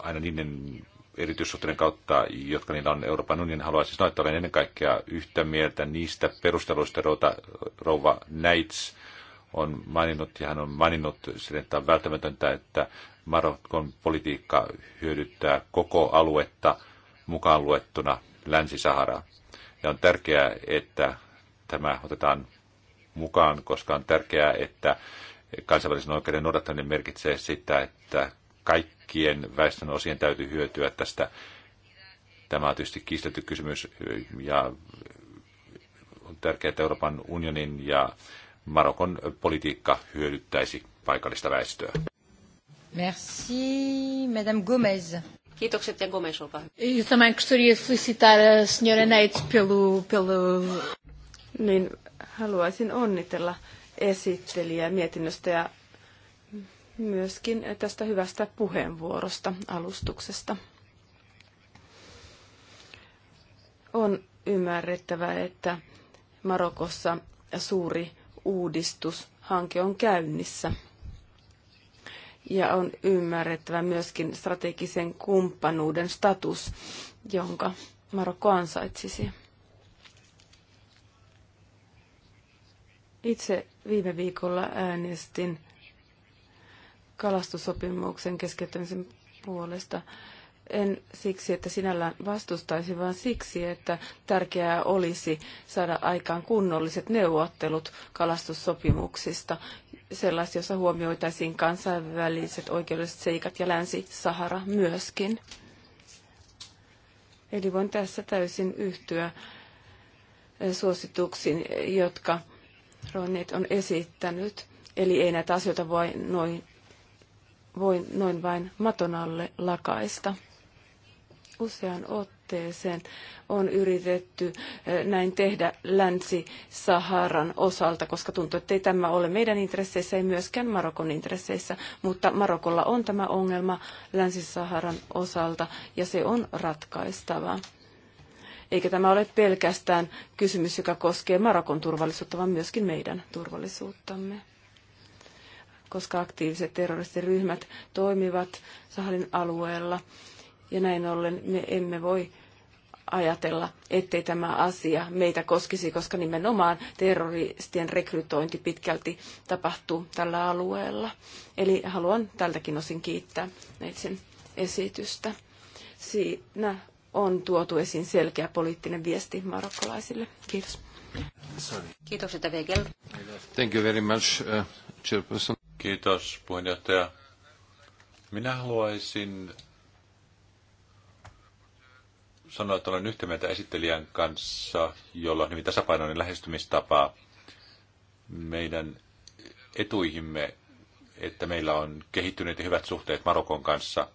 aina niiden erityissuhteiden kautta, jotka niillä on Euroopan unionin, haluaisin sanoa, että olen ennen kaikkea yhtä mieltä niistä perusteluista, joita rouva Neitz on maininnut, ja hän on maininnut sen, että on välttämätöntä, että Marokon politiikka hyödyttää koko aluetta mukaan luettuna Länsi-Sahara. Ja on tärkeää, että tämä otetaan mukaan, koska on tärkeää, että kansainvälisen oikeuden noudattaminen merkitsee sitä, että kaikkien väestön osien täytyy hyötyä tästä. Tämä on tietysti kiistelty kysymys ja on tärkeää, että Euroopan unionin ja Marokon politiikka hyödyttäisi paikallista väestöä. Merci, Madame Gomez. Kiitokset ja Gomez, olkaa hyvä. E, eu também gostaria de pelo, pelo... Niin, haluaisin onnitella esittelijä mietinnöstä ja myöskin tästä hyvästä puheenvuorosta, alustuksesta. On ymmärrettävä, että Marokossa suuri uudistushanke on käynnissä. Ja on ymmärrettävä myöskin strategisen kumppanuuden status, jonka Marokko ansaitsisi. Itse viime viikolla äänestin kalastussopimuksen keskeyttämisen puolesta en siksi, että sinällään vastustaisin, vaan siksi, että tärkeää olisi saada aikaan kunnolliset neuvottelut kalastussopimuksista, sellaisia, joissa huomioitaisiin kansainväliset oikeudelliset seikat ja Länsi-Sahara myöskin. Eli voin tässä täysin yhtyä eh, suosituksiin, jotka rohnet on esittänyt. Eli ei näitä asioita voi noin, voi noin vain maton alle lakaista. Usean otteeseen on yritetty eh, näin tehdä Länsi-Saharan osalta, koska tuntuu, että ei tämä ole meidän intresseissä, ei myöskään Marokon intresseissä, mutta Marokolla on tämä ongelma Länsi-Saharan osalta ja se on ratkaistava. Eikä tämä ole pelkästään kysymys, joka koskee Marokon turvallisuutta, vaan myöskin meidän turvallisuuttamme koska aktiiviset terroristiryhmät toimivat Sahalin alueella ja näin ollen me emme voi ajatella, ettei tämä asia meitä koskisi, koska nimenomaan terroristien rekrytointi pitkälti tapahtuu tällä alueella. Eli haluan tältäkin osin kiittää neitsin esitystä. Siinä on tuotu esiin selkeä poliittinen viesti marokkolaisille. Kiitos. Kiitos, että Wegel. Thank you very much, uh, Chairperson. Kiitos, puheenjohtaja. Minä haluaisin sanoa, että olen yhtä mieltä esittelijän kanssa, jolla on hyvin tasapainoinen lähestymistapa meidän etuihimme, että meillä on kehittyneet ja hyvät suhteet Marokon kanssa,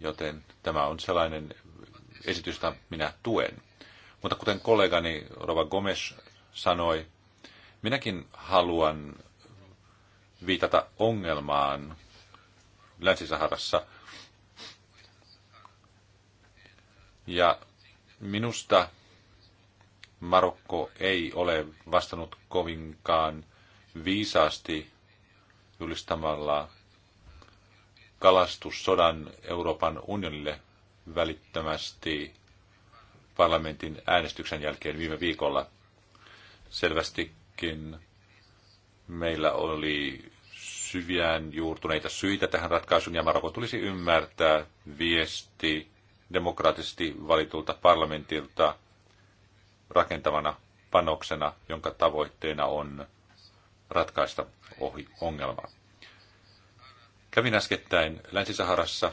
joten tämä on sellainen esitys, jota minä tuen. Mutta kuten kollegani Rova Gomes sanoi, minäkin haluan viitata ongelmaan Länsi-Saharassa – Ja minusta Marokko ei ole vastannut kovinkaan viisaasti julistamalla kalastussodan Euroopan unionille välittömästi parlamentin äänestyksen jälkeen viime viikolla. Selvästikin meillä oli syviään juurtuneita syitä tähän ratkaisuun ja Marokko tulisi ymmärtää viesti, demokraattisesti valitulta parlamentilta rakentavana panoksena, jonka tavoitteena on ratkaista ohi ongelma. Kävin äskettäin Länsi-Saharassa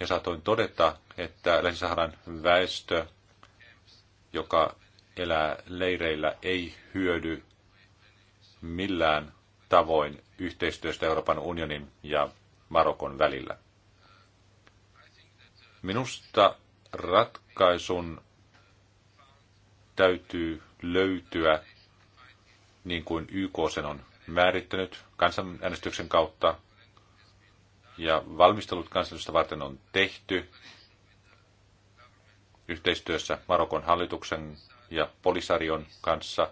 ja saatoin todeta, että Länsi-Saharan väestö, joka elää leireillä, ei hyödy millään tavoin yhteistyöstä Euroopan unionin ja Marokon välillä. Minusta ratkaisun täytyy löytyä niin kuin YK sen on määrittänyt kansanäänestyksen kautta. Ja valmistelut kansallisuutta varten on tehty yhteistyössä Marokon hallituksen ja polisarion kanssa.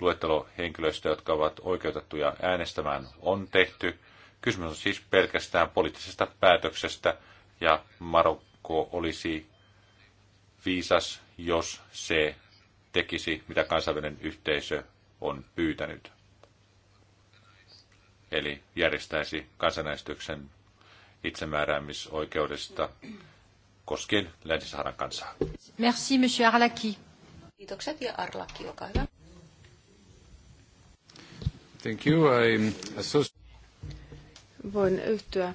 Luettelo henkilöistä, jotka ovat oikeutettuja äänestämään, on tehty. Kysymys on siis pelkästään poliittisesta päätöksestä – ja Marokko olisi viisas, jos se tekisi, mitä kansainvälinen yhteisö on pyytänyt. Eli järjestäisi kansanäistyksen itsemääräämisoikeudesta koskien Länsi-Saharan kansaa. Merci, monsieur Arlaki. Kiitokset ja Arlaki, olkaa hyvä. Thank you. I... Voin yhtyä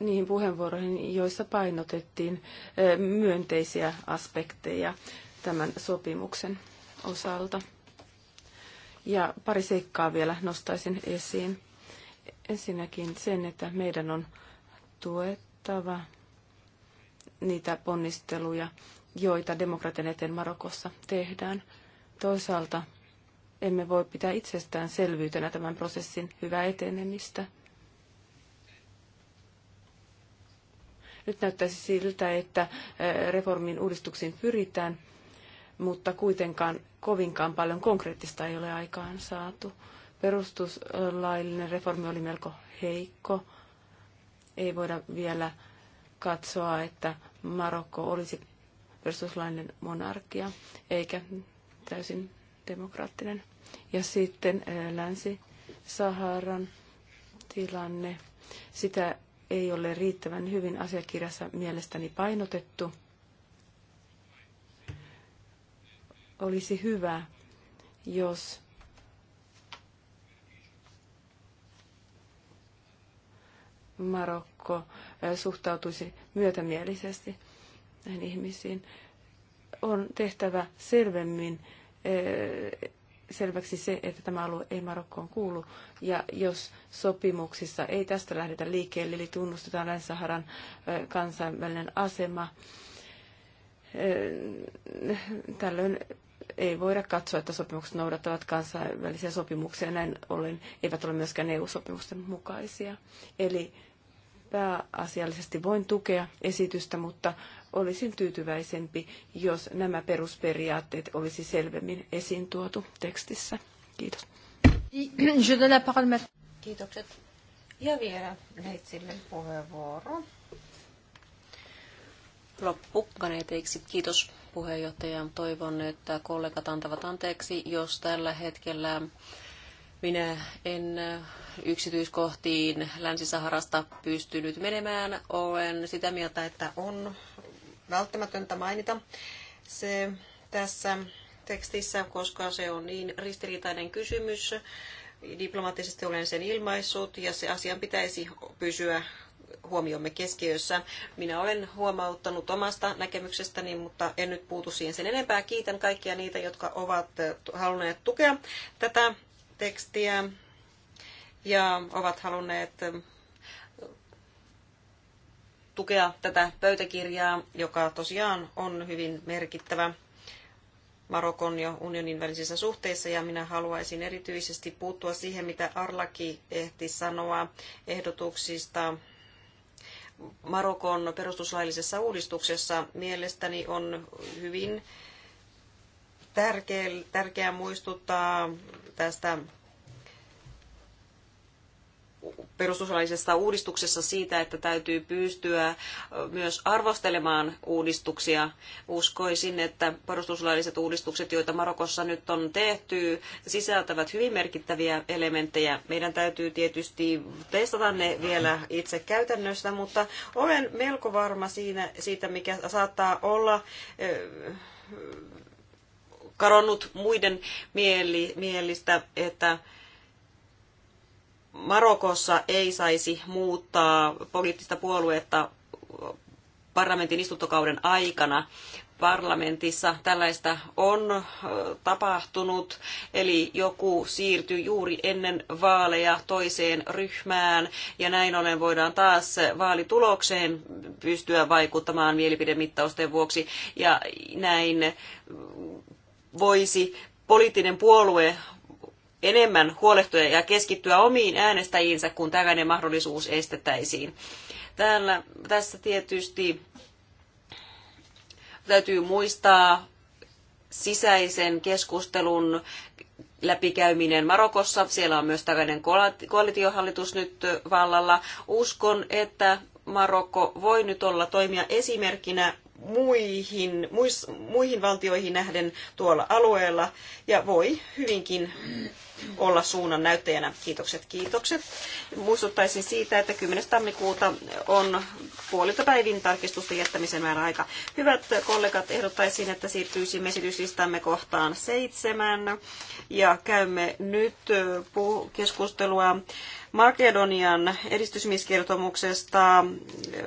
niihin puheenvuoroihin, joissa painotettiin eh, myönteisiä aspekteja tämän sopimuksen osalta. Ja pari seikkaa vielä nostaisin esiin. Ensinnäkin sen, että meidän on tuettava niitä ponnisteluja, joita demokratian eteen Marokossa tehdään. Toisaalta emme voi pitää itsestäänselvyytenä tämän prosessin hyvää etenemistä – Nyt näyttäisi siltä, että äh, reformin uudistuksiin pyritään, mutta kuitenkaan kovinkaan paljon konkreettista ei ole aikaan saatu. Perustuslaillinen reformi oli melko heikko. Ei voida vielä katsoa, että Marokko olisi perustuslainen monarkia, eikä täysin demokraattinen. Ja sitten äh, Länsi-Saharan tilanne. Sitä ei ole riittävän hyvin asiakirjassa mielestäni painotettu. Olisi hyvä, jos Marokko suhtautuisi myötämielisesti näihin ihmisiin. On tehtävä selvemmin selväksi se, että tämä alue ei Marokkoon kuulu. Ja jos sopimuksissa ei tästä lähdetä liikkeelle, eli tunnustetaan Länsi-Saharan kansainvälinen asema, tällöin ei voida katsoa, että sopimukset noudattavat kansainvälisiä sopimuksia, näin ollen eivät ole myöskään EU-sopimusten mukaisia. Eli pääasiallisesti voin tukea esitystä, mutta Olisin tyytyväisempi, jos nämä perusperiaatteet olisi selvemmin esiin tuotu tekstissä. Kiitos. Kiitokset. Ja vielä Neitsille puheenvuoro. Loppukaneeteiksi. Kiitos puheenjohtaja. Toivon, että kollegat antavat anteeksi, jos tällä hetkellä minä en yksityiskohtiin Länsi-Saharasta pystynyt menemään. Olen sitä mieltä, että on välttämätöntä mainita se tässä tekstissä, koska se on niin ristiriitainen kysymys. Diplomaattisesti olen sen ilmaissut ja se asian pitäisi pysyä huomiomme keskiössä. Minä olen huomauttanut omasta näkemyksestäni, mutta en nyt puutu siihen sen enempää. Kiitän kaikkia niitä, jotka ovat halunneet tukea tätä tekstiä ja ovat halunneet tukea tätä pöytäkirjaa, joka tosiaan on hyvin merkittävä Marokon ja unionin välisissä suhteissa, ja minä haluaisin erityisesti puuttua siihen, mitä Arlaki ehti sanoa ehdotuksista Marokon perustuslaillisessa uudistuksessa. Mielestäni on hyvin tärkeää muistuttaa tästä perustuslaillisessa uudistuksessa siitä, että täytyy pystyä myös arvostelemaan uudistuksia. Uskoisin, että perustuslailliset uudistukset, joita Marokossa nyt on tehty, sisältävät hyvin merkittäviä elementtejä. Meidän täytyy tietysti testata ne vielä itse käytännössä, mutta olen melko varma siinä, siitä, mikä saattaa olla kadonnut muiden mielistä, että Marokossa ei saisi muuttaa poliittista puoluetta parlamentin istuntokauden aikana. Parlamentissa tällaista on tapahtunut, eli joku siirtyy juuri ennen vaaleja toiseen ryhmään, ja näin ollen voidaan taas vaalitulokseen pystyä vaikuttamaan mielipidemittausten vuoksi, ja näin voisi poliittinen puolue enemmän huolehtua ja keskittyä omiin äänestäjiinsä, kun tällainen mahdollisuus estettäisiin. Täällä, tässä tietysti täytyy muistaa sisäisen keskustelun läpikäyminen Marokossa. Siellä on myös tällainen koalitiohallitus nyt vallalla. Uskon, että Marokko voi nyt olla toimia esimerkkinä muihin, muis, muihin valtioihin nähden tuolla alueella ja voi hyvinkin olla suunnan näyttäjänä. Kiitokset, kiitokset. Muistuttaisin siitä, että 10. tammikuuta on puolilta päivin tarkistusten jättämisen määräaika. Hyvät kollegat, ehdottaisin, että siirtyisimme esityslistamme kohtaan seitsemän ja käymme nyt äh, keskustelua Makedonian edistysmiskertomuksesta äh,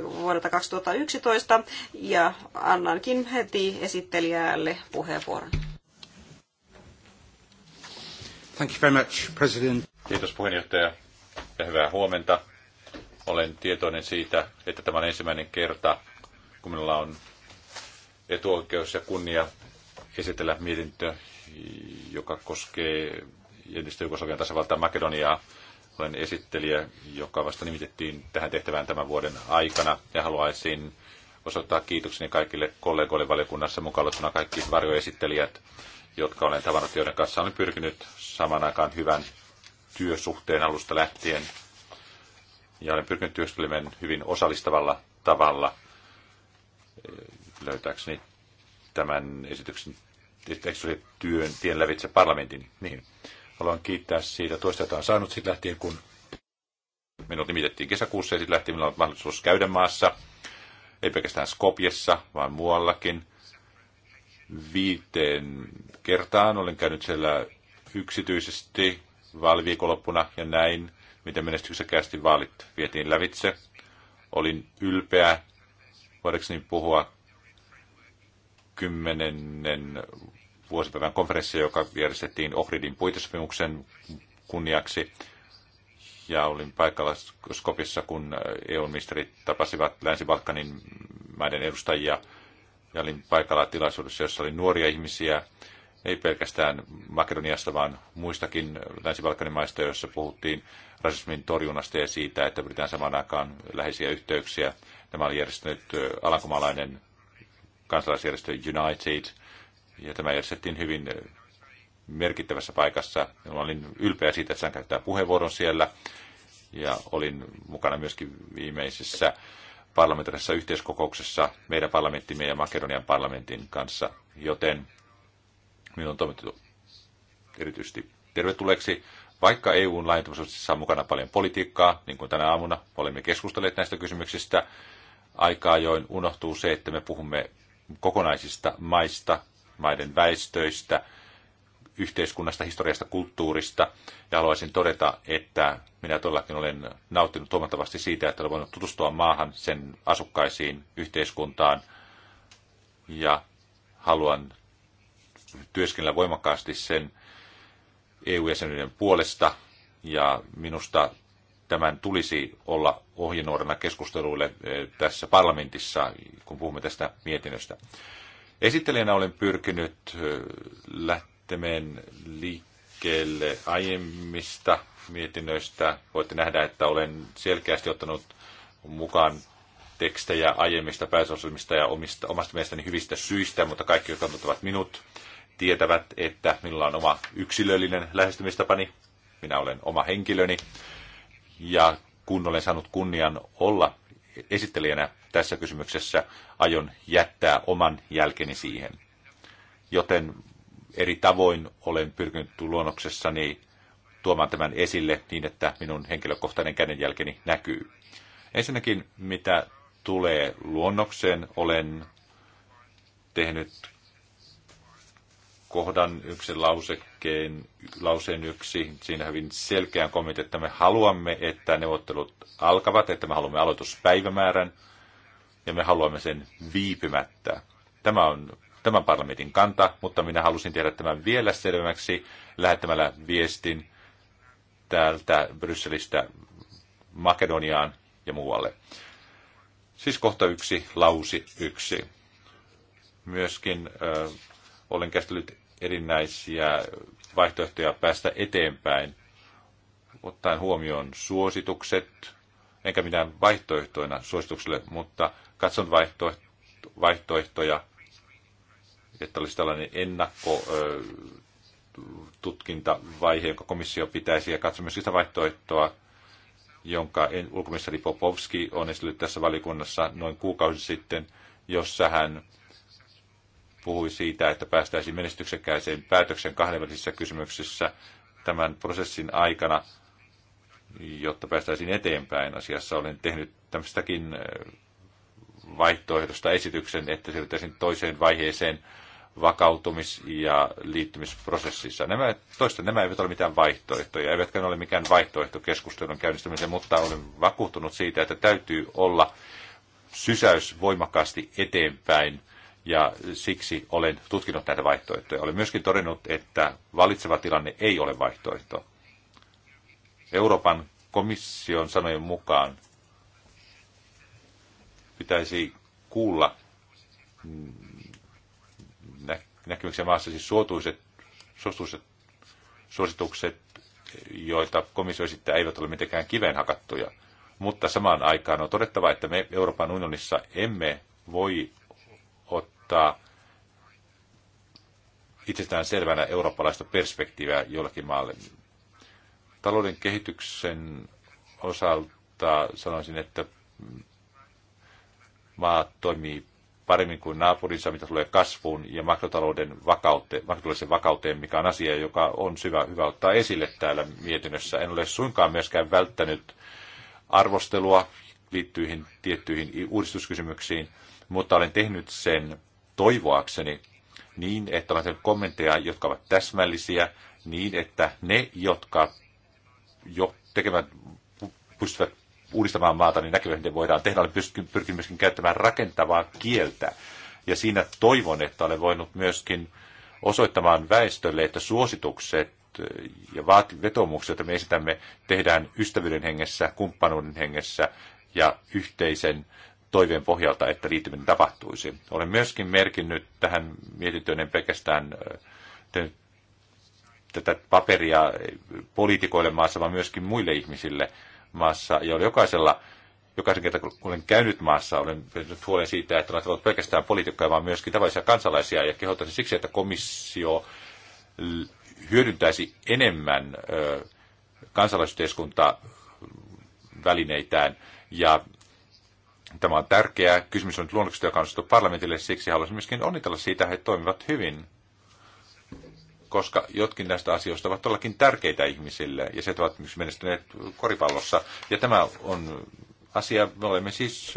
vuodelta 2011 ja annankin heti esittelijälle puheenvuoron. Thank you very much, President. Kiitos puheenjohtaja ja hyvää huomenta. Olen tietoinen siitä, että tämä on ensimmäinen kerta, kun minulla on etuoikeus ja kunnia esitellä mietintö, joka koskee entistä Jugoslavian tasavaltaa Makedoniaa. Olen esittelijä, joka vasta nimitettiin tähän tehtävään tämän vuoden aikana ja haluaisin osoittaa kiitokseni kaikille kollegoille valiokunnassa, mukaan kaikki varjoesittelijät jotka olen tavannut, joiden kanssa olen pyrkinyt saman aikaan hyvän työsuhteen alusta lähtien. Ja olen pyrkinyt työskentelemään hyvin osallistavalla tavalla eh, löytääkseni tämän esityksen työn tien lävitse parlamentin. Niin. Haluan kiittää siitä tuosta, jota on saanut sitten lähtien, kun minut nimitettiin kesäkuussa ja sitten lähtien minulla on mahdollisuus käydä maassa, ei pelkästään Skopjessa, vaan muuallakin – viiteen kertaan. Olen käynyt siellä yksityisesti vaaliviikonloppuna ja näin, miten menestyksekästi vaalit vietiin lävitse. Olin ylpeä, niin puhua kymmenennen vuosipäivän konferenssi, joka järjestettiin Ohridin puitesopimuksen kunniaksi. Ja olin paikalla Skopissa, kun EU-ministerit tapasivat Länsi-Balkanin maiden edustajia ja olin paikalla tilaisuudessa, jossa oli nuoria ihmisiä, ei pelkästään Makedoniasta, vaan muistakin Länsi-Balkanin maista, joissa puhuttiin rasismin torjunnasta ja siitä, että pyritään samaan aikaan läheisiä yhteyksiä. Nämä oli järjestänyt alankomaalainen kansalaisjärjestö United, ja tämä järjestettiin hyvin merkittävässä paikassa. Mä olin ylpeä siitä, että sain käyttää puheenvuoron siellä, ja olin mukana myöskin viimeisessä parlamentaarisessa yhteiskokouksessa meidän parlamenttimme ja Makedonian parlamentin kanssa, joten minun on toimittu erityisesti tervetulleeksi. Vaikka EUn laajentumisessa on mukana paljon politiikkaa, niin kuin tänä aamuna olemme keskustelleet näistä kysymyksistä, aika ajoin unohtuu se, että me puhumme kokonaisista maista, maiden väestöistä, yhteiskunnasta, historiasta, kulttuurista. Ja haluaisin todeta, että minä todellakin olen nauttinut huomattavasti siitä, että olen voinut tutustua maahan, sen asukkaisiin, yhteiskuntaan. Ja haluan työskennellä voimakkaasti sen EU-jäsenyyden puolesta. Ja minusta tämän tulisi olla ohjenuorana keskusteluille e, tässä parlamentissa, kun puhumme tästä mietinnöstä. Esittelijänä olen pyrkinyt e, lähteä sitten menen liikkeelle aiemmista mietinnöistä. Voitte nähdä, että olen selkeästi ottanut mukaan tekstejä aiemmista pääsosilmista ja omista, omasta mielestäni hyvistä syistä, mutta kaikki, jotka tuntevat minut, tietävät, että minulla on oma yksilöllinen lähestymistapani. Minä olen oma henkilöni. Ja kun olen saanut kunnian olla esittelijänä tässä kysymyksessä, aion jättää oman jälkeni siihen. Joten eri tavoin olen pyrkinyt luonnoksessani tuomaan tämän esille niin, että minun henkilökohtainen kädenjälkeni näkyy. Ensinnäkin, mitä tulee luonnokseen, olen tehnyt kohdan yksi lausekkeen, lauseen yksi, siinä hyvin selkeän kommentin, että me haluamme, että neuvottelut alkavat, että me haluamme aloituspäivämäärän ja me haluamme sen viipymättä. Tämä on tämän parlamentin kanta, mutta minä halusin tehdä tämän vielä selvemmäksi lähettämällä viestin täältä Brysselistä Makedoniaan ja muualle. Siis kohta yksi, lausi yksi. Myöskin ö, olen käsitellyt erinäisiä vaihtoehtoja päästä eteenpäin, ottaen huomioon suositukset, enkä minä vaihtoehtoina suositukselle, mutta katson vaihtoehtoja että olisi tällainen ennakko tutkintavaihe, jonka komissio pitäisi, ja myös sitä vaihtoehtoa, jonka ulkoministeri Popovski on esitellyt tässä valikunnassa noin kuukausi sitten, jossa hän puhui siitä, että päästäisiin menestyksekkäiseen päätöksen kahdenvälisissä kysymyksissä tämän prosessin aikana, jotta päästäisiin eteenpäin asiassa. Olen tehnyt tämmöistäkin vaihtoehdosta esityksen, että siirryttäisiin toiseen vaiheeseen, vakautumis- ja liittymisprosessissa. Nämä, toista nämä eivät ole mitään vaihtoehtoja, eivätkä ne ole mikään vaihtoehto keskustelun käynnistämiseen, mutta olen vakuuttunut siitä, että täytyy olla sysäys voimakkaasti eteenpäin ja siksi olen tutkinut näitä vaihtoehtoja. Olen myöskin todennut, että valitseva tilanne ei ole vaihtoehto. Euroopan komission sanojen mukaan pitäisi kuulla näkemyksen maassa siis suotuiset, suotuiset suositukset, joita komissio esittää, eivät ole mitenkään kiveen hakattuja. Mutta samaan aikaan on todettava, että me Euroopan unionissa emme voi ottaa itsestään selvänä eurooppalaista perspektiiviä jollakin maalle. Talouden kehityksen osalta sanoisin, että maat toimii paremmin kuin naapurinsa, mitä tulee kasvuun ja makrotalouden vakaute, makrotalouden vakauteen, mikä on asia, joka on syvä, hyvä ottaa esille täällä mietinnössä. En ole suinkaan myöskään välttänyt arvostelua liittyihin tiettyihin uudistuskysymyksiin, mutta olen tehnyt sen toivoakseni niin, että olen tehnyt kommentteja, jotka ovat täsmällisiä, niin että ne, jotka jo tekevät, pystyvät uudistamaan maata, niin näkevät, miten voidaan tehdä. Olen pyrkinyt myöskin käyttämään rakentavaa kieltä. Ja siinä toivon, että olen voinut myöskin osoittamaan väestölle, että suositukset ja vaati vetomukset, joita me esitämme, tehdään ystävyyden hengessä, kumppanuuden hengessä ja yhteisen toiveen pohjalta, että liittyminen tapahtuisi. Olen myöskin merkinnyt tähän mietintöön en pelkästään tätä paperia poliitikoille maassa, vaan myöskin muille ihmisille, maassa, ja jokaisella jokaisen kerran, kun olen käynyt maassa, olen pitänyt huolen siitä, että ovat pelkästään poliitikkoja, vaan myöskin tavallisia kansalaisia, ja kehottaisin siksi, että komissio hyödyntäisi enemmän kansalaisyhteiskunta välineitään. Ja tämä on tärkeää. Kysymys on nyt luonnoksesta, joka on parlamentille, siksi haluaisin myöskin onnitella siitä, että he toimivat hyvin koska jotkin näistä asioista ovat todellakin tärkeitä ihmisille, ja se ovat myös menestyneet koripallossa. Ja tämä on asia, me olemme siis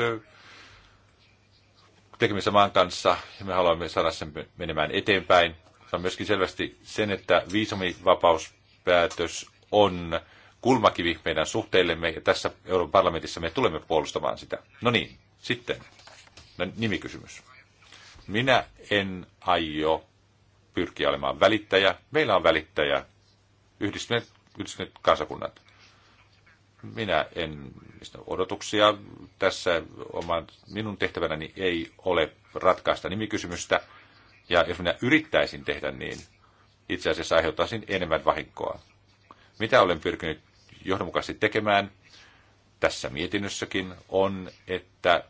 tekemisissä maan kanssa, ja me haluamme saada sen menemään eteenpäin. Se on myöskin selvästi sen, että viisumivapauspäätös on kulmakivi meidän suhteillemme, ja tässä Euroopan parlamentissa me tulemme puolustamaan sitä. No niin, sitten nimikysymys. Minä en aio pyrkiä olemaan välittäjä. Meillä on välittäjä, yhdistyneet, yhdistyneet kansakunnat. Minä en odotuksia tässä. Oman, minun tehtävänäni ei ole ratkaista nimikysymystä. Ja jos minä yrittäisin tehdä niin, itse asiassa aiheuttaisin enemmän vahinkoa. Mitä olen pyrkinyt johdonmukaisesti tekemään tässä mietinnössäkin on, että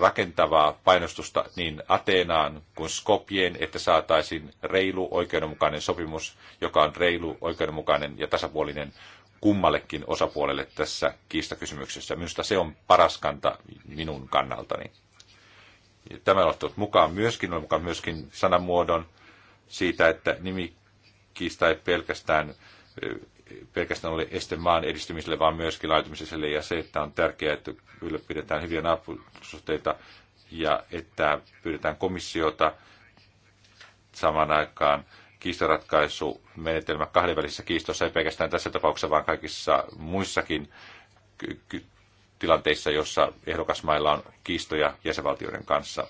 rakentavaa painostusta niin Ateenaan kuin Skopjeen, että saataisiin reilu oikeudenmukainen sopimus, joka on reilu, oikeudenmukainen ja tasapuolinen kummallekin osapuolelle tässä kiistakysymyksessä. Minusta se on paras kanta minun kannaltani. Ja tämä on ottanut mukaan myöskin, on mukaan myöskin sanamuodon siitä, että nimikiista ei pelkästään pelkästään ole este maan edistymiselle, vaan myöskin laitumiselle. Ja se, että on tärkeää, että ylläpidetään hyviä naapurisuhteita ja että pyydetään komissiota samaan aikaan kiistoratkaisumenetelmä kahdenvälisissä kiistoissa, ei pelkästään tässä tapauksessa, vaan kaikissa muissakin tilanteissa, jossa ehdokasmailla on kiistoja jäsenvaltioiden kanssa.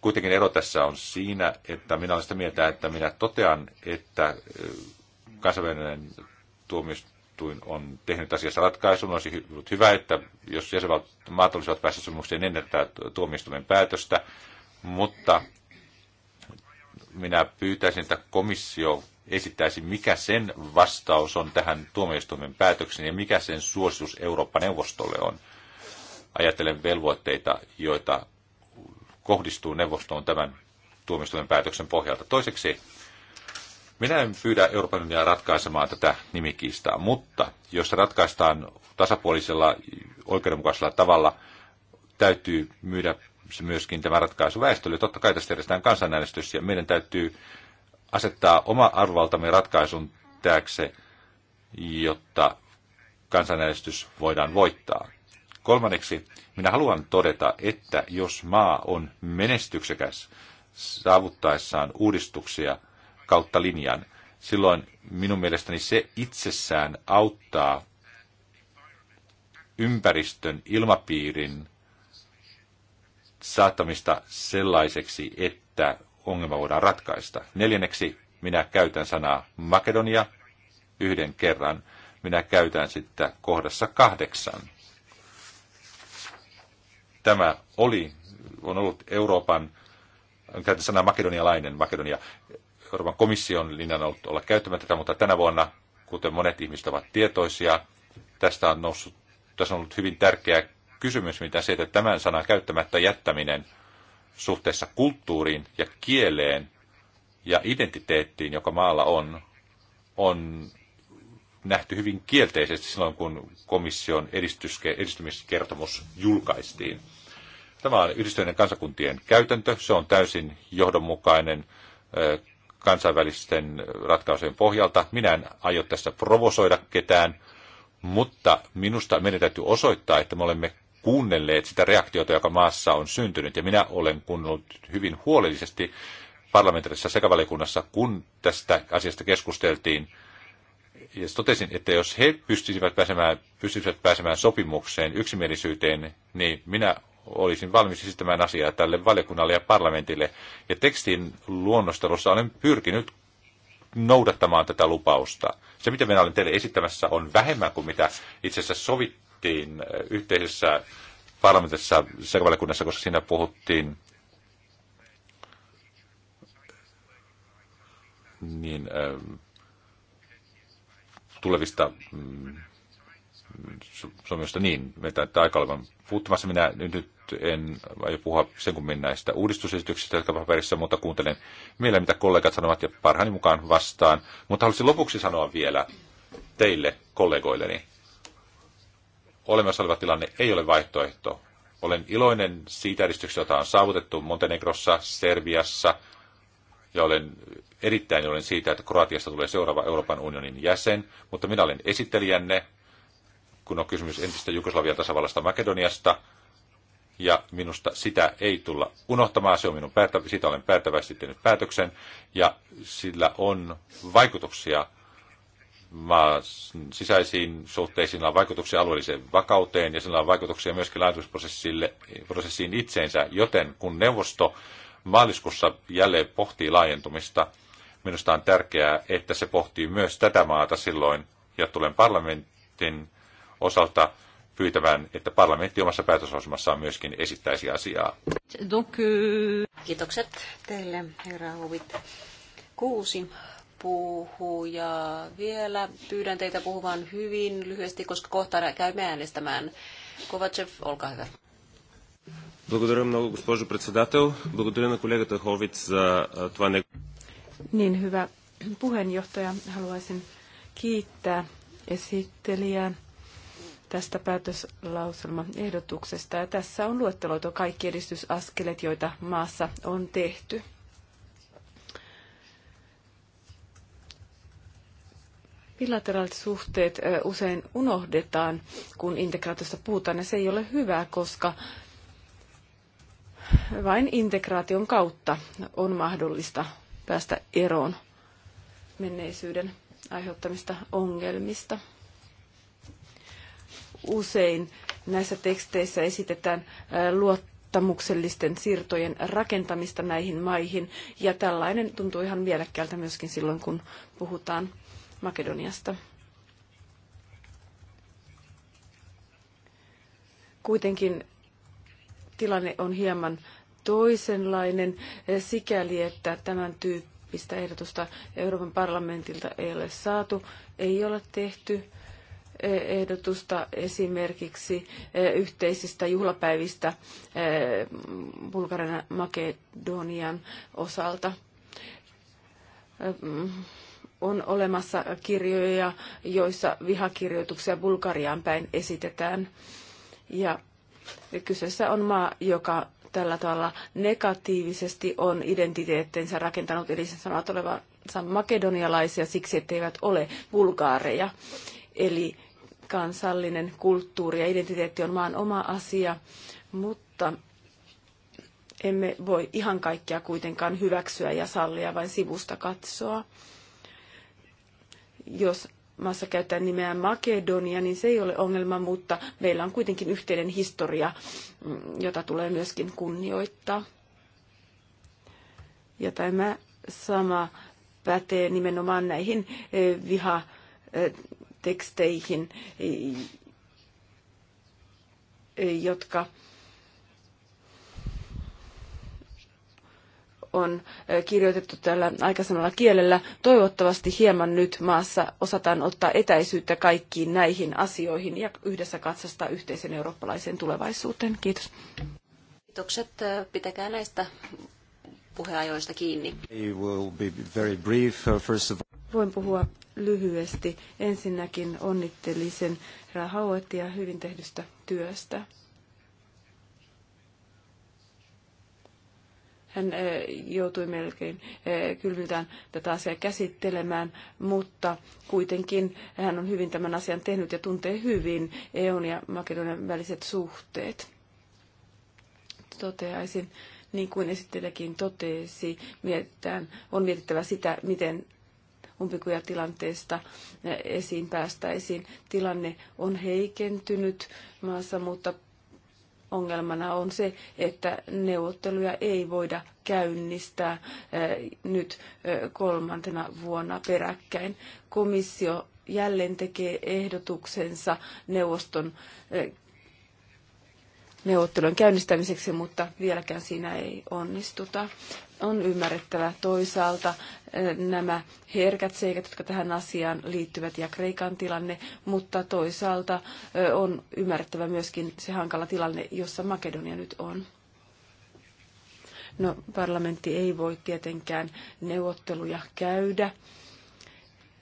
Kuitenkin ero tässä on siinä, että minä olen sitä mieltä, että minä totean, että kansainvälinen tuomioistuin on tehnyt asiassa ratkaisun. Olisi ollut hyvä, että jos jäsenvaltiot olisivat päässeet sopimukseen ennen tätä tuomioistuimen päätöstä, mutta minä pyytäisin, että komissio esittäisi, mikä sen vastaus on tähän tuomioistuimen päätökseen ja mikä sen suositus Eurooppa-neuvostolle on. Ajattelen velvoitteita, joita kohdistuu neuvostoon tämän tuomioistuimen päätöksen pohjalta. Toiseksi minä en pyydä Euroopan unionia ratkaisemaan tätä nimikiistaa, mutta jos se ratkaistaan tasapuolisella oikeudenmukaisella tavalla, täytyy myydä myöskin tämä ratkaisu väestölle. Totta kai tästä järjestetään kansanäänestys ja meidän täytyy asettaa oma arvovaltamme ratkaisun taakse, jotta kansanäänestys voidaan voittaa. Kolmanneksi, minä haluan todeta, että jos maa on menestyksekäs saavuttaessaan uudistuksia – kautta linjan. Silloin minun mielestäni se itsessään auttaa ympäristön ilmapiirin saattamista sellaiseksi, että ongelma voidaan ratkaista. Neljänneksi minä käytän sanaa Makedonia yhden kerran. Minä käytän sitten kohdassa kahdeksan. Tämä oli, on ollut Euroopan, käytän sanaa makedonialainen, Makedonia, Euroopan komission linjan ollut olla käyttämättä tätä, mutta tänä vuonna, kuten monet ihmiset ovat tietoisia, tästä on noussut, tässä on ollut hyvin tärkeä kysymys, mitä se, että tämän sanan käyttämättä jättäminen suhteessa kulttuuriin ja kieleen ja identiteettiin, joka maalla on, on nähty hyvin kielteisesti silloin, kun komission edistymiskertomus julkaistiin. Tämä on yhdistyneiden kansakuntien käytäntö. Se on täysin johdonmukainen kansainvälisten ratkaisujen pohjalta. Minä en aio tässä provosoida ketään, mutta minusta meidän täytyy osoittaa, että me olemme kuunnelleet sitä reaktiota, joka maassa on syntynyt. Ja minä olen kuunnellut hyvin huolellisesti parlamentaarisessa sekavaliokunnassa, kun tästä asiasta keskusteltiin. Ja totesin, että jos he pystyisivät pääsemään, pystyisivät pääsemään sopimukseen, yksimielisyyteen, niin minä olisin valmis esittämään asiaa tälle valiokunnalle ja parlamentille. Ja tekstin luonnostelussa olen pyrkinyt noudattamaan tätä lupausta. Se, mitä minä olen teille esittämässä, on vähemmän kuin mitä itse asiassa sovittiin äh, yhteisessä parlamentissa sekavaliokunnassa, koska siinä puhuttiin niin, äh, tulevista mm, sopimusta niin, että aika olevan puuttumassa. Minä nyt en aio puhua sen kummin näistä uudistusesityksistä, jotka paperissa, mutta kuuntelen mieleen, mitä kollegat sanovat ja parhaani mukaan vastaan. Mutta haluaisin lopuksi sanoa vielä teille, kollegoilleni, olemassa oleva tilanne ei ole vaihtoehto. Olen iloinen siitä edistyksestä, jota on saavutettu Montenegrossa, Serbiassa, ja olen erittäin iloinen siitä, että Kroatiasta tulee seuraava Euroopan unionin jäsen, mutta minä olen esittelijänne, kun on kysymys entistä Jugoslavian tasavallasta Makedoniasta, ja minusta sitä ei tulla unohtamaan. Se on minun päätä, siitä olen päättävästi tehnyt päätöksen, ja sillä on vaikutuksia maan sisäisiin suhteisiin, on vaikutuksia alueelliseen vakauteen ja sillä on vaikutuksia myöskin laajentumisprosessiin itseensä, joten kun neuvosto maaliskuussa jälleen pohtii laajentumista, minusta on tärkeää, että se pohtii myös tätä maata silloin, ja tulen parlamentin osalta pyytävän, että parlamentti omassa päätöslausumassaan myöskin esittäisi asiaa. Euh, Kiitokset teille, herra Hovit. Kuusi puhuja. vielä. Pyydän teitä puhumaan hyvin lyhyesti, koska kohta käymme äänestämään. Kovacev, olkaa hyvä. Благодаря много, госпожо председател. Благодаря на колегата Ховит за това не... Niin hyvä puheenjohtaja, haluaisin kiittää esittelijää tästä päätöslauselmaehdotuksesta. Ja tässä on luetteloitu kaikki edistysaskelet, joita maassa on tehty. Bilateraaliset suhteet usein unohdetaan, kun integraatiosta puhutaan, ja se ei ole hyvä, koska vain integraation kautta on mahdollista päästä eroon menneisyyden aiheuttamista ongelmista usein näissä teksteissä esitetään luottamuksellisten siirtojen rakentamista näihin maihin, ja tällainen tuntuu ihan mielekkäältä myöskin silloin, kun puhutaan Makedoniasta. Kuitenkin tilanne on hieman toisenlainen sikäli, että tämän tyyppistä ehdotusta Euroopan parlamentilta ei ole saatu, ei ole tehty ehdotusta esimerkiksi eh, yhteisistä juhlapäivistä eh, Bulgarian ja Makedonian osalta. Eh, mm, on olemassa kirjoja, joissa vihakirjoituksia Bulgariaan päin esitetään. Ja kyseessä on maa, joka tällä tavalla negatiivisesti on identiteettinsä rakentanut, eli sen sanovat olevansa makedonialaisia siksi, etteivät ole bulgaareja. Eli kansallinen kulttuuri ja identiteetti on maan oma asia, mutta emme voi ihan kaikkea kuitenkaan hyväksyä ja sallia vain sivusta katsoa. Jos maassa käytetään nimeä Makedonia, niin se ei ole ongelma, mutta meillä on kuitenkin yhteinen historia, mm, jota tulee myöskin kunnioittaa. Ja tämä sama pätee nimenomaan näihin eh, viha eh, teksteihin, jotka on kirjoitettu tällä aikaisemmalla kielellä. Toivottavasti hieman nyt maassa osataan ottaa etäisyyttä kaikkiin näihin asioihin ja yhdessä katsastaa yhteisen eurooppalaisen tulevaisuuteen. Kiitos. Kiitokset. Pitäkää näistä puheajoista kiinni. Uh, Voin puhua lyhyesti. Ensinnäkin onnittelisen Rahauetia hyvin tehdystä työstä. hän eh, joutui melkein eh, kylmiltään tätä asiaa käsittelemään, mutta kuitenkin hän on hyvin tämän asian tehnyt ja tuntee hyvin EUn ja Makedonian väliset suhteet. Toteaisin niin kuin esittelijäkin totesi, mietitään, on mietittävä sitä, miten tilanteesta eh, esiin päästäisiin. Tilanne on heikentynyt maassa, mutta ongelmana on se, että neuvotteluja ei voida käynnistää eh, nyt eh, kolmantena vuonna peräkkäin. Komissio jälleen tekee ehdotuksensa neuvoston neuvottelujen käynnistämiseksi, mutta vieläkään siinä ei onnistuta. On ymmärrettävä toisaalta eh, nämä herkät seikat, jotka tähän asiaan liittyvät ja Kreikan tilanne, mutta toisaalta eh, on ymmärrettävä myöskin se hankala tilanne, jossa Makedonia nyt on. No, parlamentti ei voi tietenkään neuvotteluja käydä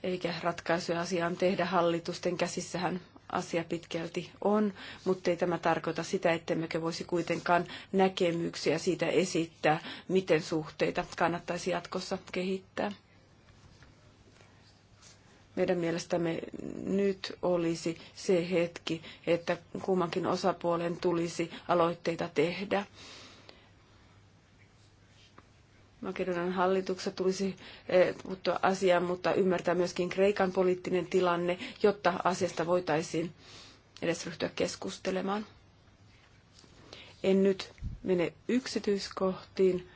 eikä ratkaisuja asiaan tehdä. Hallitusten käsissähän asia pitkälti on, mutta ei tämä tarkoita sitä, ettemmekö voisi kuitenkaan näkemyksiä siitä esittää, miten suhteita kannattaisi jatkossa kehittää. Meidän mielestämme nyt olisi se hetki, että kummankin osapuolen tulisi aloitteita tehdä Makedonian hallituksen tulisi eh, puuttua asiaan, mutta ymmärtää myöskin Kreikan poliittinen tilanne, jotta asiasta voitaisiin edes ryhtyä keskustelemaan. En nyt mene yksityiskohtiin,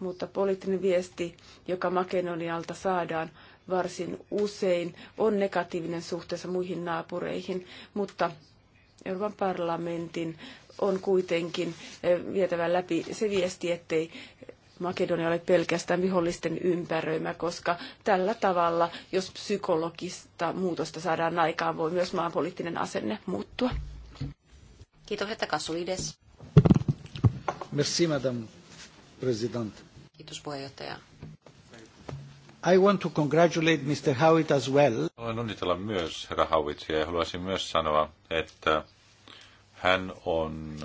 mutta poliittinen viesti, joka Makedonialta saadaan varsin usein, on negatiivinen suhteessa muihin naapureihin, mutta Euroopan parlamentin on kuitenkin eh, vietävä läpi se viesti, ettei Makedonia ole pelkästään vihollisten ympäröimä, koska tällä tavalla, jos psykologista muutosta saadaan aikaan, voi myös maanpoliittinen asenne muuttua. Kiitos, että Kasulides. Merci, madame president. Kiitos, puheenjohtaja. I want to congratulate Mr. Howitt as well. Haluan onnitella myös herra Howittia ja haluaisin myös sanoa, että hän on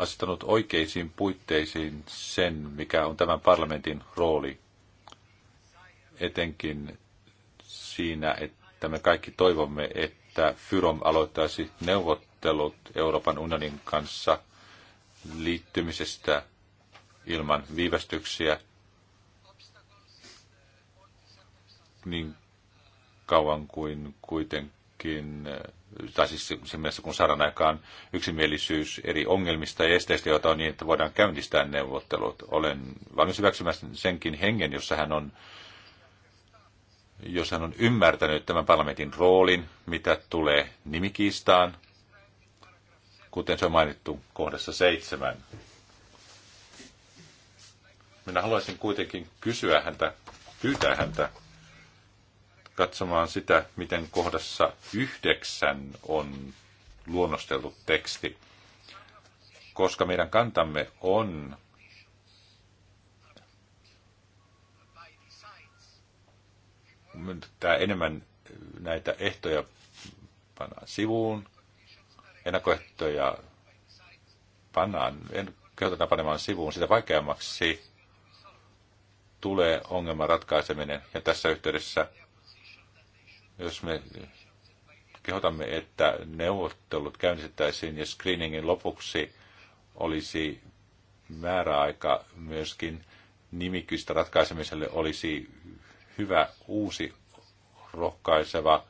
asettanut oikeisiin puitteisiin sen, mikä on tämän parlamentin rooli, etenkin siinä, että me kaikki toivomme, että Fyrom aloittaisi neuvottelut Euroopan unionin kanssa liittymisestä ilman viivästyksiä niin kauan kuin kuitenkin myöskin, tai siis sen mielessä kun saadaan aikaan yksimielisyys eri ongelmista ja esteistä, joita on niin, että voidaan käynnistää neuvottelut. Olen valmis hyväksymään senkin hengen, jossa hän on jos hän on ymmärtänyt tämän parlamentin roolin, mitä tulee nimikiistaan, kuten se on mainittu kohdassa seitsemän. Minä haluaisin kuitenkin kysyä häntä, pyytää häntä katsomaan sitä, miten kohdassa yhdeksän on luonnosteltu teksti, koska meidän kantamme on tämä enemmän näitä ehtoja pannaan sivuun, ennakkoehtoja pannaan, en, kehotetaan panemaan sivuun, sitä vaikeammaksi tulee ongelman ratkaiseminen. Ja tässä yhteydessä jos me kehotamme, että neuvottelut käynnistettäisiin ja screeningin lopuksi olisi määräaika myöskin nimikystä ratkaisemiselle olisi hyvä uusi rohkaiseva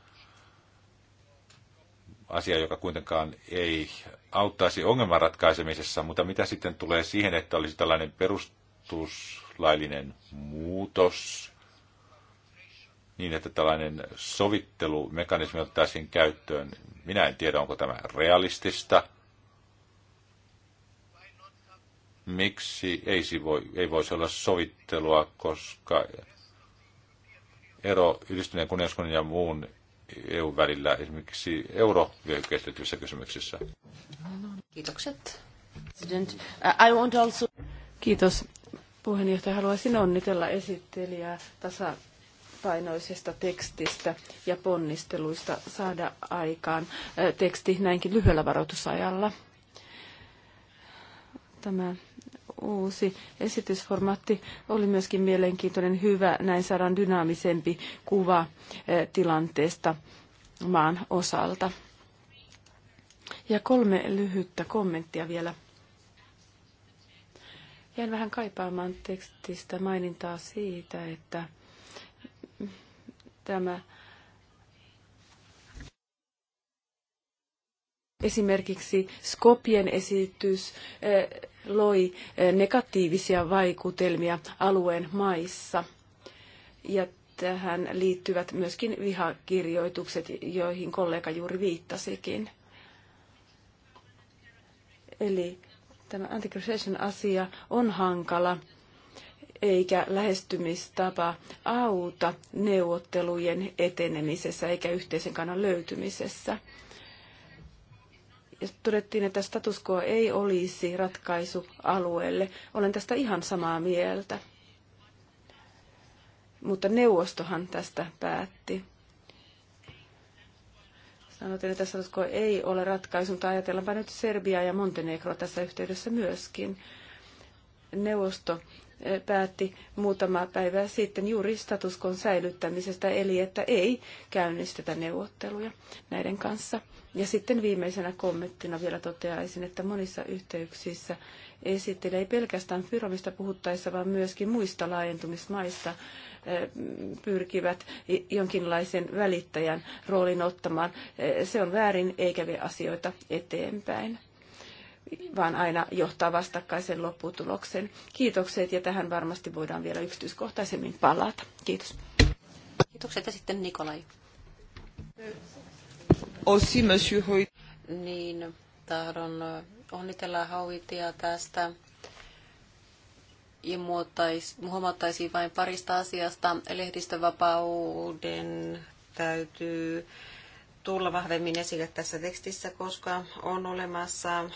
asia, joka kuitenkaan ei auttaisi ongelman ratkaisemisessa, mutta mitä sitten tulee siihen, että olisi tällainen perustuslaillinen muutos, niin, että tällainen sovittelumekanismi ottaisiin käyttöön. Minä en tiedä, onko tämä realistista. Miksi ei, voi, ei voisi olla sovittelua, koska ero yhdistyneen kuningaskunnan ja muun EU välillä esimerkiksi eurovyöhykkeessä kysymyksissä? Kiitokset. Uh, I want also... Kiitos. Puheenjohtaja, haluaisin onnitella esittelijää tasa tasapainoisesta tekstistä ja ponnisteluista saada aikaan teksti näinkin lyhyellä varoitusajalla. Tämä uusi esitysformaatti oli myöskin mielenkiintoinen, hyvä, näin saadaan dynaamisempi kuva tilanteesta maan osalta. Ja kolme lyhyttä kommenttia vielä. Jäin vähän kaipaamaan tekstistä mainintaa siitä, että Tämä esimerkiksi Skopien esitys eh, loi eh, negatiivisia vaikutelmia alueen maissa. Ja tähän liittyvät myöskin vihakirjoitukset, joihin kollega juuri viittasikin. Eli tämä anti asia on hankala eikä lähestymistapa auta neuvottelujen etenemisessä eikä yhteisen kannan löytymisessä. Ja todettiin, että status quo ei olisi ratkaisu alueelle. Olen tästä ihan samaa mieltä. Mutta neuvostohan tästä päätti. Sanoitin, että status quo ei ole ratkaisu, mutta ajatellaanpa nyt Serbia ja Montenegro tässä yhteydessä myöskin. Neuvosto päätti muutama päivä sitten juuri statuskon säilyttämisestä, eli että ei käynnistetä neuvotteluja näiden kanssa. Ja sitten viimeisenä kommenttina vielä toteaisin, että monissa yhteyksissä esittelee ei pelkästään Fyromista puhuttaessa, vaan myöskin muista laajentumismaista pyrkivät jonkinlaisen välittäjän roolin ottamaan. Se on väärin eikä vie asioita eteenpäin vaan aina johtaa vastakkaisen lopputuloksen. Kiitokset ja tähän varmasti voidaan vielä yksityiskohtaisemmin palata. Kiitos. Kiitokset ja sitten Nikolai. Aussi, monsieur Hoyt. Niin, tahdon onnitella Hauitia tästä ja huomattaisiin vain parista asiasta. Lehdistövapauden täytyy tulla vahvemmin esille tässä tekstissä, koska on olemassa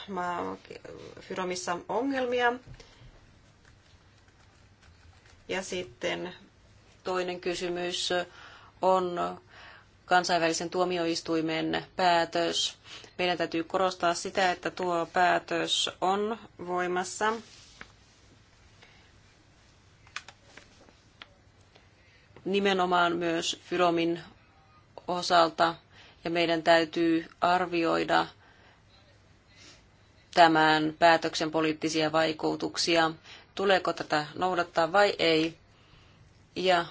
Fyromissa ongelmia. Ja sitten toinen kysymys on kansainvälisen tuomioistuimen päätös. Meidän täytyy korostaa sitä, että tuo päätös on voimassa. Nimenomaan myös Fyromin osalta ja meidän täytyy arvioida tämän päätöksen poliittisia vaikutuksia, tuleeko tätä noudattaa vai ei. Ja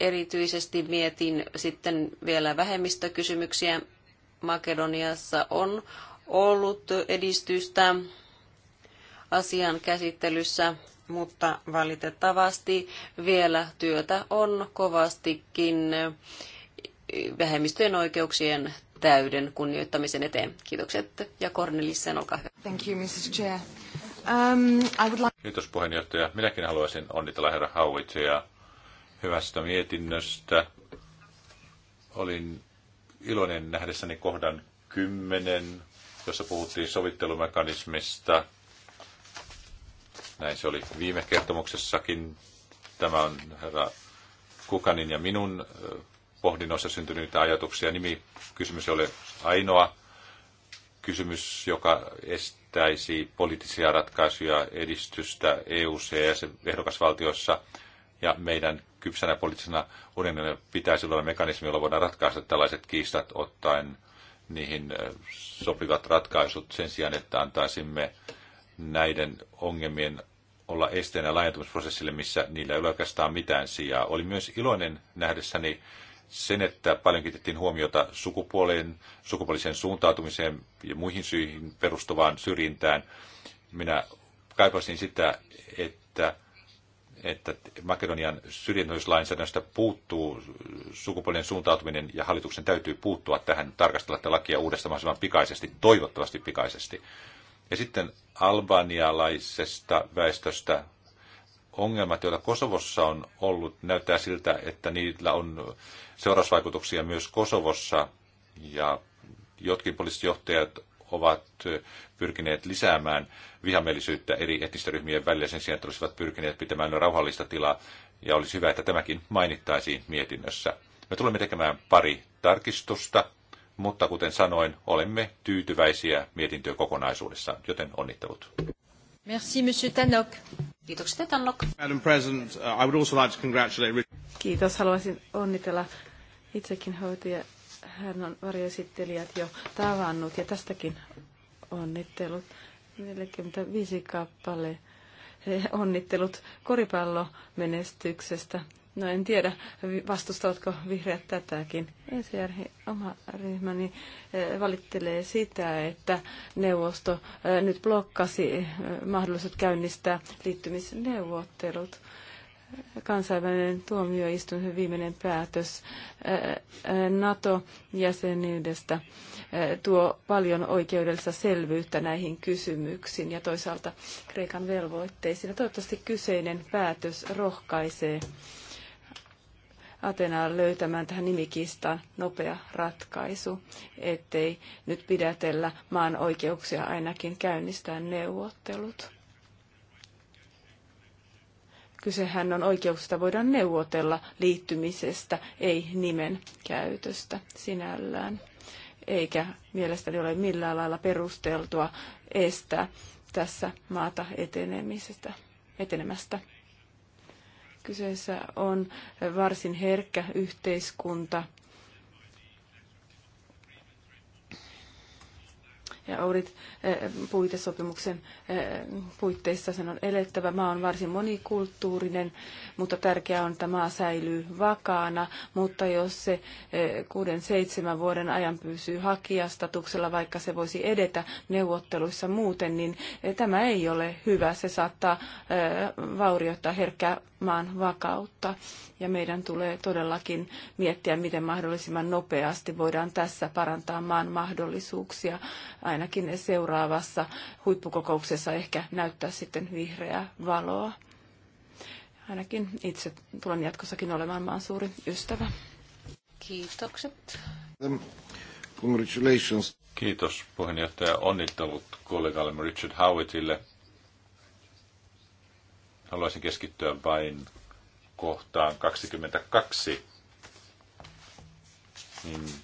erityisesti mietin sitten vielä vähemmistökysymyksiä. Makedoniassa on ollut edistystä asian käsittelyssä, mutta valitettavasti vielä työtä on kovastikin vähemmistöjen oikeuksien täyden kunnioittamisen eteen. Kiitokset ja Cornelissen, olkaa hyvä. Thank you, Mr. Chair. Um, I would like... Kiitos puheenjohtaja. Minäkin haluaisin onnitella herra Hauitsia hyvästä mietinnöstä. Olin iloinen nähdessäni kohdan 10, jossa puhuttiin sovittelumekanismista. Näin se oli viime kertomuksessakin. Tämä on herra Kukanin ja minun pohdinnoissa syntyneitä ajatuksia. Nimi kysymys ei ole ainoa kysymys, joka estäisi poliittisia ratkaisuja edistystä EU-ssa ja ehdokasvaltioissa. Ja meidän kypsänä poliittisena unionina pitäisi olla mekanismi, jolla voidaan ratkaista tällaiset kiistat ottaen niihin sopivat ratkaisut sen sijaan, että antaisimme näiden ongelmien olla esteenä laajentumisprosessille, missä niillä ei ole oikeastaan mitään sijaa. Oli myös iloinen nähdessäni sen, että paljon kiinnitettiin huomiota sukupuoleen, sukupuoliseen suuntautumiseen ja muihin syihin perustuvaan syrjintään. Minä kaipasin sitä, että, että Makedonian syrjintöislainsäädännöstä puuttuu sukupuolinen suuntautuminen ja hallituksen täytyy puuttua tähän, tarkastella tätä lakia uudestaan mahdollisimman pikaisesti, toivottavasti pikaisesti. Ja sitten albanialaisesta väestöstä ongelmat, joita Kosovossa on ollut, näyttää siltä, että niillä on seurausvaikutuksia myös Kosovossa. Ja jotkin poliisijohtajat ovat pyrkineet lisäämään vihamielisyyttä eri etnisten ryhmien välillä sen sijaan, että olisivat pyrkineet pitämään rauhallista tilaa. Ja olisi hyvä, että tämäkin mainittaisiin mietinnössä. Me tulemme tekemään pari tarkistusta, mutta kuten sanoin, olemme tyytyväisiä mietintöön kokonaisuudessaan, joten onnittelut. Merci, Monsieur Tanok. Kiitokset, Tannok. Madam President, uh, I would also like to congratulate... Kiitos, haluaisin onnitella itsekin hoitaja. Hän on varjoesittelijät jo tavannut ja tästäkin onnittelut. 45 kappale onnittelut koripallomenestyksestä No en tiedä, vastustavatko vihreät tätäkin. ECR, oma ryhmäni, e, valittelee sitä, että neuvosto e, nyt blokkasi e, mahdollisuudet käynnistää liittymisneuvottelut. Kansainvälinen tuomioistuin viimeinen päätös NATO-jäsenyydestä tuo paljon oikeudellista selvyyttä näihin kysymyksiin ja toisaalta Kreikan velvoitteisiin. Ja toivottavasti kyseinen päätös rohkaisee Atenaan löytämään tähän nimikistaan nopea ratkaisu, ettei nyt pidätellä maan oikeuksia ainakin käynnistää neuvottelut. Kysehän on oikeuksista voidaan neuvotella liittymisestä, ei nimen käytöstä sinällään. Eikä mielestäni ole millään lailla perusteltua estää tässä maata etenemisestä, etenemästä. Kyseessä on varsin herkkä yhteiskunta. Ja Ourit eh, puitesopimuksen eh, puitteissa sen on elettävä. Maa on varsin monikulttuurinen, mutta tärkeää on, että maa säilyy vakaana. Mutta jos se 6 eh, seitsemän vuoden ajan pysyy hakijastatuksella, vaikka se voisi edetä neuvotteluissa muuten, niin tämä ei ole hyvä. Se saattaa vaurioittaa herkkää maan vakautta. Ja meidän tulee todellakin miettiä, miten mahdollisimman nopeasti voidaan tässä parantaa maan mahdollisuuksia. Ainakin seuraavassa huippukokouksessa ehkä näyttää sitten vihreää valoa. Ainakin itse tulen jatkossakin olemaan maan suuri ystävä. Kiitokset. Um, congratulations. Kiitos puheenjohtaja. Onnittelut kollegalle Richard Howittille Haluaisin keskittyä vain kohtaan 22. Niin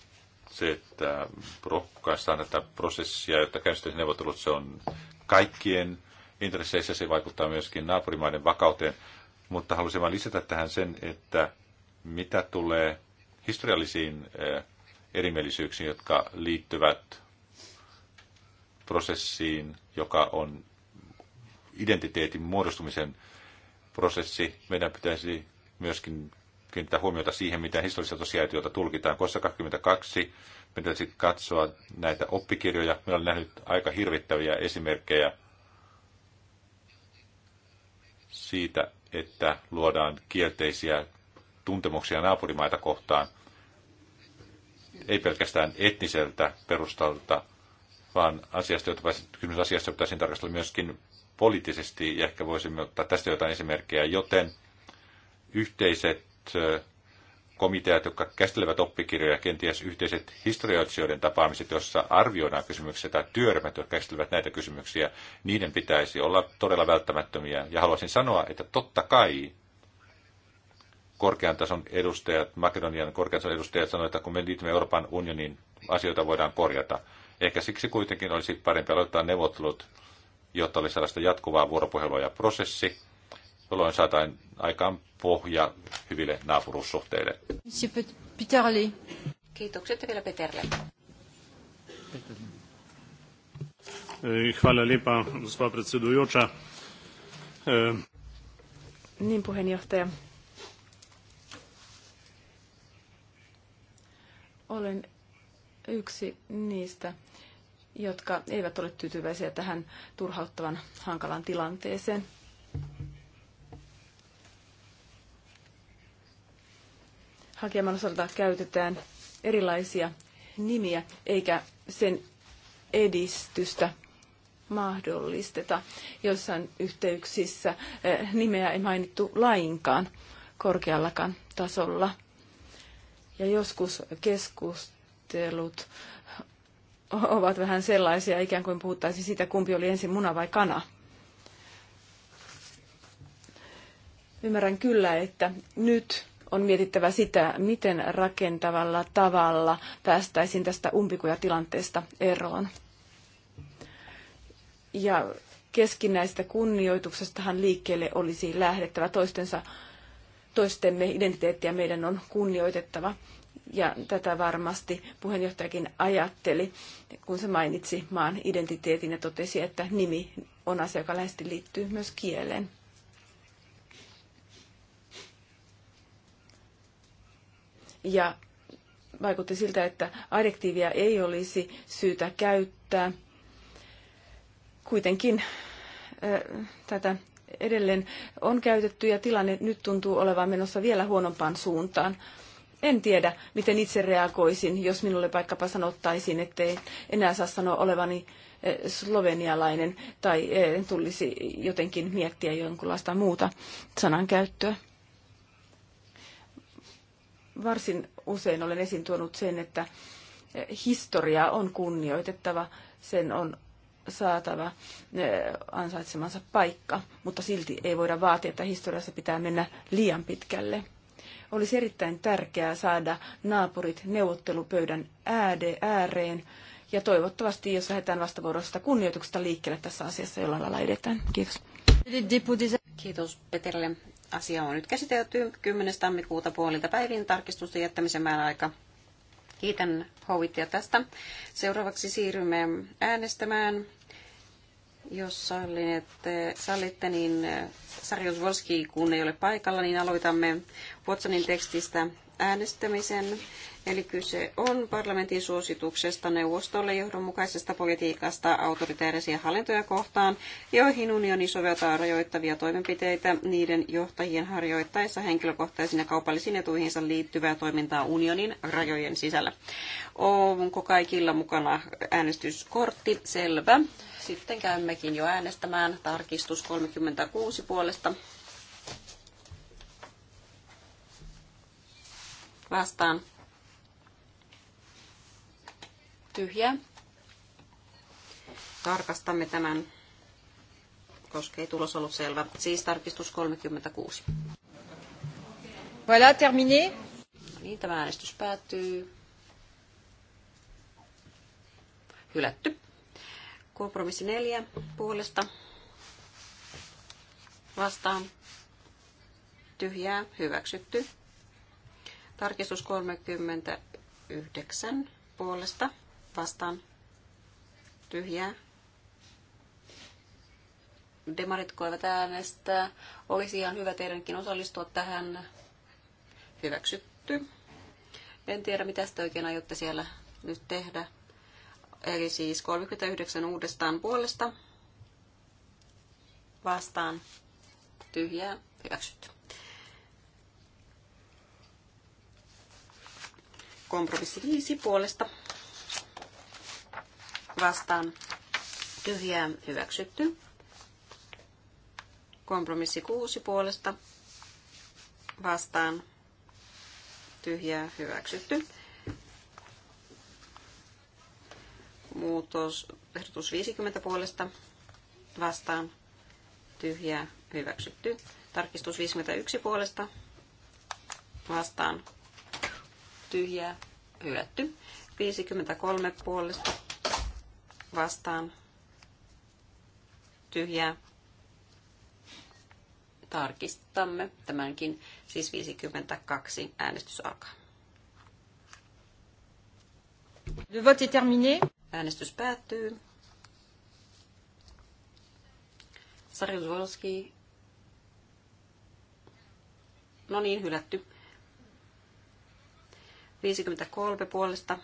se, että rohkaistaan tätä prosessia, jotta käynnistetään neuvottelut, se on kaikkien intresseissä, se vaikuttaa myöskin naapurimaiden vakauteen. Mutta halusin vain lisätä tähän sen, että mitä tulee historiallisiin eh, erimielisyyksiin, jotka liittyvät prosessiin, joka on identiteetin muodostumisen prosessi. Meidän pitäisi myöskin kiinnittää huomiota siihen, miten historiallisia tosiaitioita tulkitaan. Kossa 22 meidän pitäisi katsoa näitä oppikirjoja. meillä on nähnyt aika hirvittäviä esimerkkejä siitä, että luodaan kielteisiä tuntemuksia naapurimaita kohtaan, ei pelkästään etniseltä perustalta, vaan asiasta, jota kysymys asiasta pitäisi tarkastella myöskin poliittisesti, ja ehkä voisimme ottaa tästä jotain esimerkkejä, joten yhteiset komiteat, jotka käsittelevät oppikirjoja, kenties yhteiset historioitsijoiden tapaamiset, joissa arvioidaan kysymyksiä tai työryhmät, jotka käsittelevät näitä kysymyksiä, niiden pitäisi olla todella välttämättömiä. Ja haluaisin sanoa, että totta kai korkean tason edustajat, Makedonian korkean tason edustajat sanoivat, että kun me liitymme Euroopan unionin, asioita voidaan korjata. Ehkä siksi kuitenkin olisi parempi aloittaa neuvottelut jotta oli sellaista jatkuvaa vuoropuhelua ja prosessi, jolloin saatiin aikaan pohja hyville naapuruussuhteille. Kiitokset vielä Peterle. Eh, hvala lepa, gospa predsedujoča. Eh, niin, puheenjohtaja. Olen yksi niistä jotka eivät ole tyytyväisiä tähän turhauttavan hankalaan tilanteeseen. Hakeman osalta käytetään erilaisia nimiä eikä sen edistystä mahdollisteta. Jossain yhteyksissä eh, nimeä ei mainittu lainkaan korkeallakaan tasolla. Ja joskus keskustelut ovat vähän sellaisia, ikään kuin puhuttaisiin siitä, kumpi oli ensin muna vai kana. Ymmärrän kyllä, että nyt on mietittävä sitä, miten rakentavalla tavalla päästäisiin tästä umpikujatilanteesta eroon. Ja keskinäistä kunnioituksestahan liikkeelle olisi lähdettävä toistensa, toistemme identiteettiä meidän on kunnioitettava ja tätä varmasti puheenjohtajakin ajatteli, kun se mainitsi maan identiteetin ja totesi, että nimi on asia, joka läheisesti liittyy myös kieleen. Ja vaikutti siltä, että adjektiivia ei olisi syytä käyttää. Kuitenkin tätä edelleen on käytetty ja tilanne nyt tuntuu olevan menossa vielä huonompaan suuntaan en tiedä, miten itse reagoisin, jos minulle vaikkapa sanottaisiin, ettei enää saa sanoa olevani eh, slovenialainen tai eh, tulisi jotenkin miettiä jonkunlaista muuta sanankäyttöä. Varsin usein olen esiin tuonut sen, että eh, historia on kunnioitettava, sen on saatava ansaitsemansa paikka, mutta silti ei voida vaatia, että historiassa pitää mennä liian pitkälle. Olisi erittäin tärkeää saada naapurit neuvottelupöydän ääreen. Ja toivottavasti, jos lähdetään vastavuoroisesta kunnioituksesta liikkeelle tässä asiassa, jollain lailla edetään. Kiitos. Kiitos Peterille. Asia on nyt käsitelty 10. tammikuuta puolilta päivin tarkistusten jättämisen määräaika. Kiitän Howittia tästä. Seuraavaksi siirrymme äänestämään. Jos sallitte, niin Sarjus Volski, kun ei ole paikalla, niin aloitamme Watsonin tekstistä äänestämisen. Eli kyse on parlamentin suosituksesta neuvostolle johdonmukaisesta politiikasta autoritäärisiä hallintoja kohtaan, joihin unioni soveltaa rajoittavia toimenpiteitä niiden johtajien harjoittaessa henkilökohtaisiin ja kaupallisiin etuihinsa liittyvää toimintaa unionin rajojen sisällä. Onko kaikilla mukana äänestyskortti? Selvä. Sitten käymmekin jo äänestämään. Tarkistus 36 puolesta vastaan tyhjä. Tarkastamme tämän, koska ei tulos ollut selvä. Siis tarkistus 36. Voilà, terminé. No niin, tämä äänestys päättyy. Hylätty. Kompromissi neljä puolesta. Vastaan. Tyhjää. Hyväksytty. Tarkistus 39 puolesta vastaan tyhjää. Demarit koivat äänestää. Olisi ihan hyvä teidänkin osallistua tähän. Hyväksytty. En tiedä, mitä te oikein aiotte siellä nyt tehdä. Eli siis 39 uudestaan puolesta vastaan tyhjää hyväksytty. Kompromissi viisi puolesta vastaan tyhjää hyväksytty. Kompromissi kuusi puolesta vastaan tyhjää hyväksytty. Muutos ehdotus 50 puolesta vastaan tyhjää hyväksytty. Tarkistus 51 puolesta vastaan tyhjää, hylätty. 53 puolesta vastaan, tyhjää. Tarkistamme tämänkin, siis 52 äänestys alkaa. Le vote est terminé. Äänestys päättyy. Sari Wolski. No niin, hylätty. 53 puolesta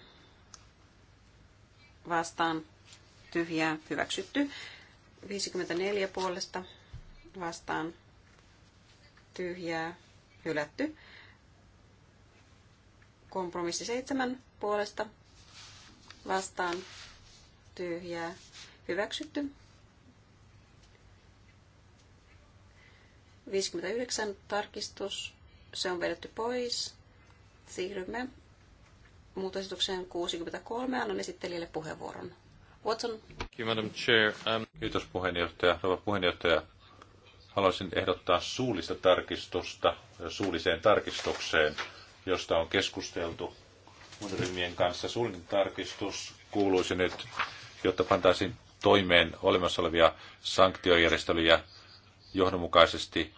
vastaan tyhjää hyväksytty. 54 puolesta vastaan tyhjää hylätty. Kompromissi 7 puolesta vastaan tyhjää hyväksytty. 59 tarkistus, se on vedetty pois. Siirrymme muutosesitykseen 63. Annan esittelijälle puheenvuoron. Watson. Um, Kiitos puheenjohtaja. Rouva puheenjohtaja, haluaisin ehdottaa suullista tarkistusta äh, suulliseen tarkistukseen, josta on keskusteltu muiden ryhmien kanssa. Suullinen tarkistus kuuluisi nyt, jotta pantaisiin toimeen olemassa olevia sanktiojärjestelyjä johdonmukaisesti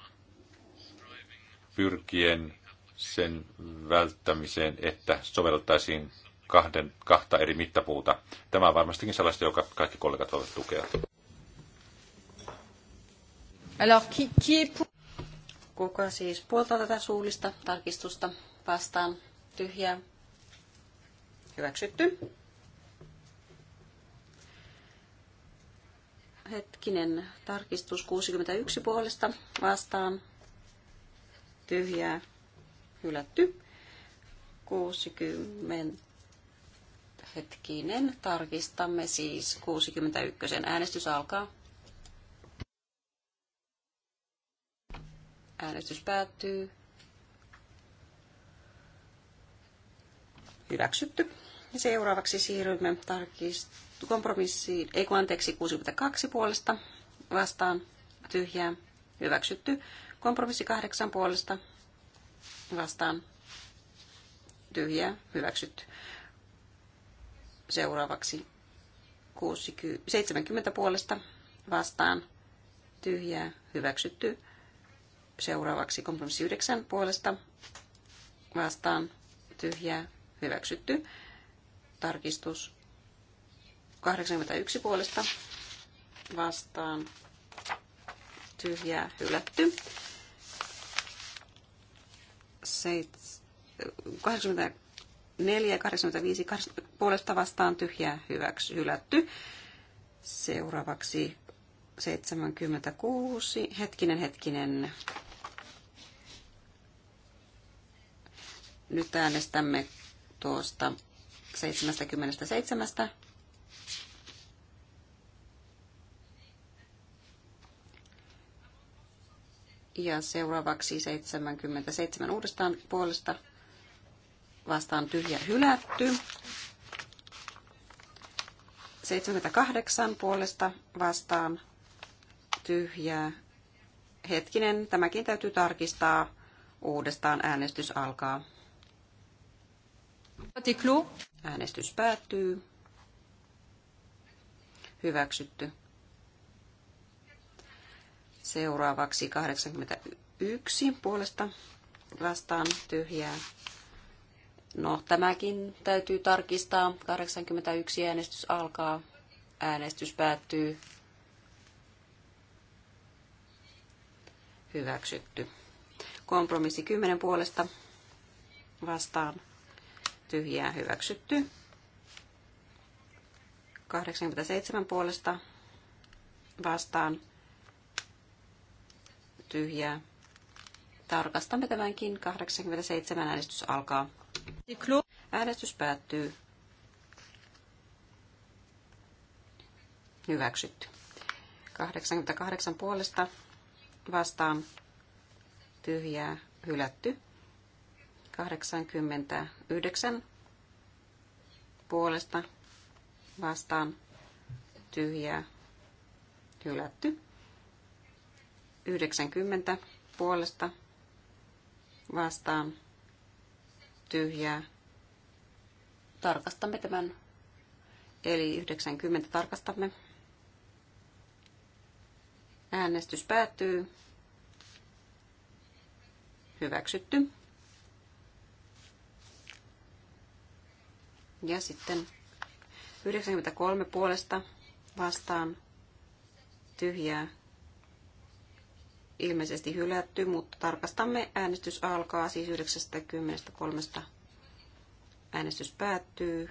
pyrkien sen välttämiseen, että sovellettaisiin kahden, kahta eri mittapuuta. Tämä on varmastikin sellaista, joka kaikki kollegat voivat tukea. Alors, qui, qui Kuka siis puolta tätä suullista tarkistusta vastaan? Tyhjää. Hyväksytty. Hetkinen. Tarkistus 61 puolesta vastaan. Tyhjää hylätty. 60 hetkinen, tarkistamme siis 61. Äänestys alkaa. Äänestys päättyy. Hyväksytty. Ja seuraavaksi siirrymme tarkist- kompromissiin, ei kun anteeksi, 62 puolesta vastaan tyhjää. Hyväksytty. Kompromissi kahdeksan puolesta vastaan tyhjää hyväksytty. Seuraavaksi 60, 70 puolesta vastaan tyhjää hyväksytty. Seuraavaksi kompromissi 9 puolesta vastaan tyhjää hyväksytty. Tarkistus 81 puolesta vastaan tyhjää hylätty. 84 ja 85 puolesta vastaan tyhjää hyväksy, hylätty. Seuraavaksi 76, hetkinen, hetkinen. Nyt äänestämme tuosta 77 Ja seuraavaksi 77 uudestaan puolesta vastaan tyhjä hylätty. 78 puolesta vastaan tyhjä Hetkinen, tämäkin täytyy tarkistaa. Uudestaan äänestys alkaa. Äänestys päättyy. Hyväksytty. Seuraavaksi 81 puolesta vastaan tyhjää. No, tämäkin täytyy tarkistaa. 81 äänestys alkaa. Äänestys päättyy. Hyväksytty. Kompromissi 10 puolesta vastaan tyhjää hyväksytty. 87 puolesta vastaan tyhjää. Tarkastamme tämänkin. 87 äänestys alkaa. Äänestys päättyy. Hyväksytty. 88 puolesta vastaan tyhjää hylätty. 89 puolesta vastaan tyhjää hylätty. 90 puolesta vastaan tyhjää. Tarkastamme tämän, eli 90 tarkastamme. Äänestys päättyy. Hyväksytty. Ja sitten 93 puolesta vastaan tyhjää ilmeisesti hylätty, mutta tarkastamme. Äänestys alkaa siis 93. Äänestys päättyy.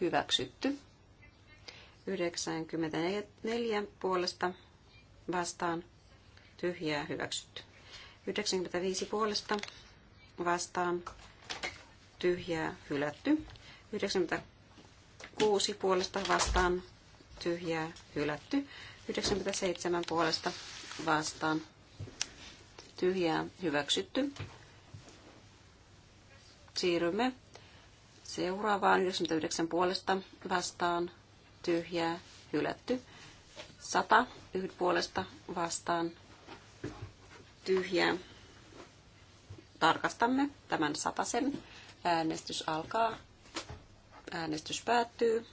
Hyväksytty. 94 puolesta vastaan. Tyhjää hyväksytty. 95 puolesta vastaan. Tyhjää hylätty. 96 puolesta vastaan. Tyhjää hylätty. 97 puolesta vastaan tyhjää hyväksytty. Siirrymme seuraavaan 99 puolesta vastaan tyhjää hylätty. 100 yhden puolesta vastaan tyhjää. Tarkastamme tämän sen Äänestys alkaa. Äänestys päättyy.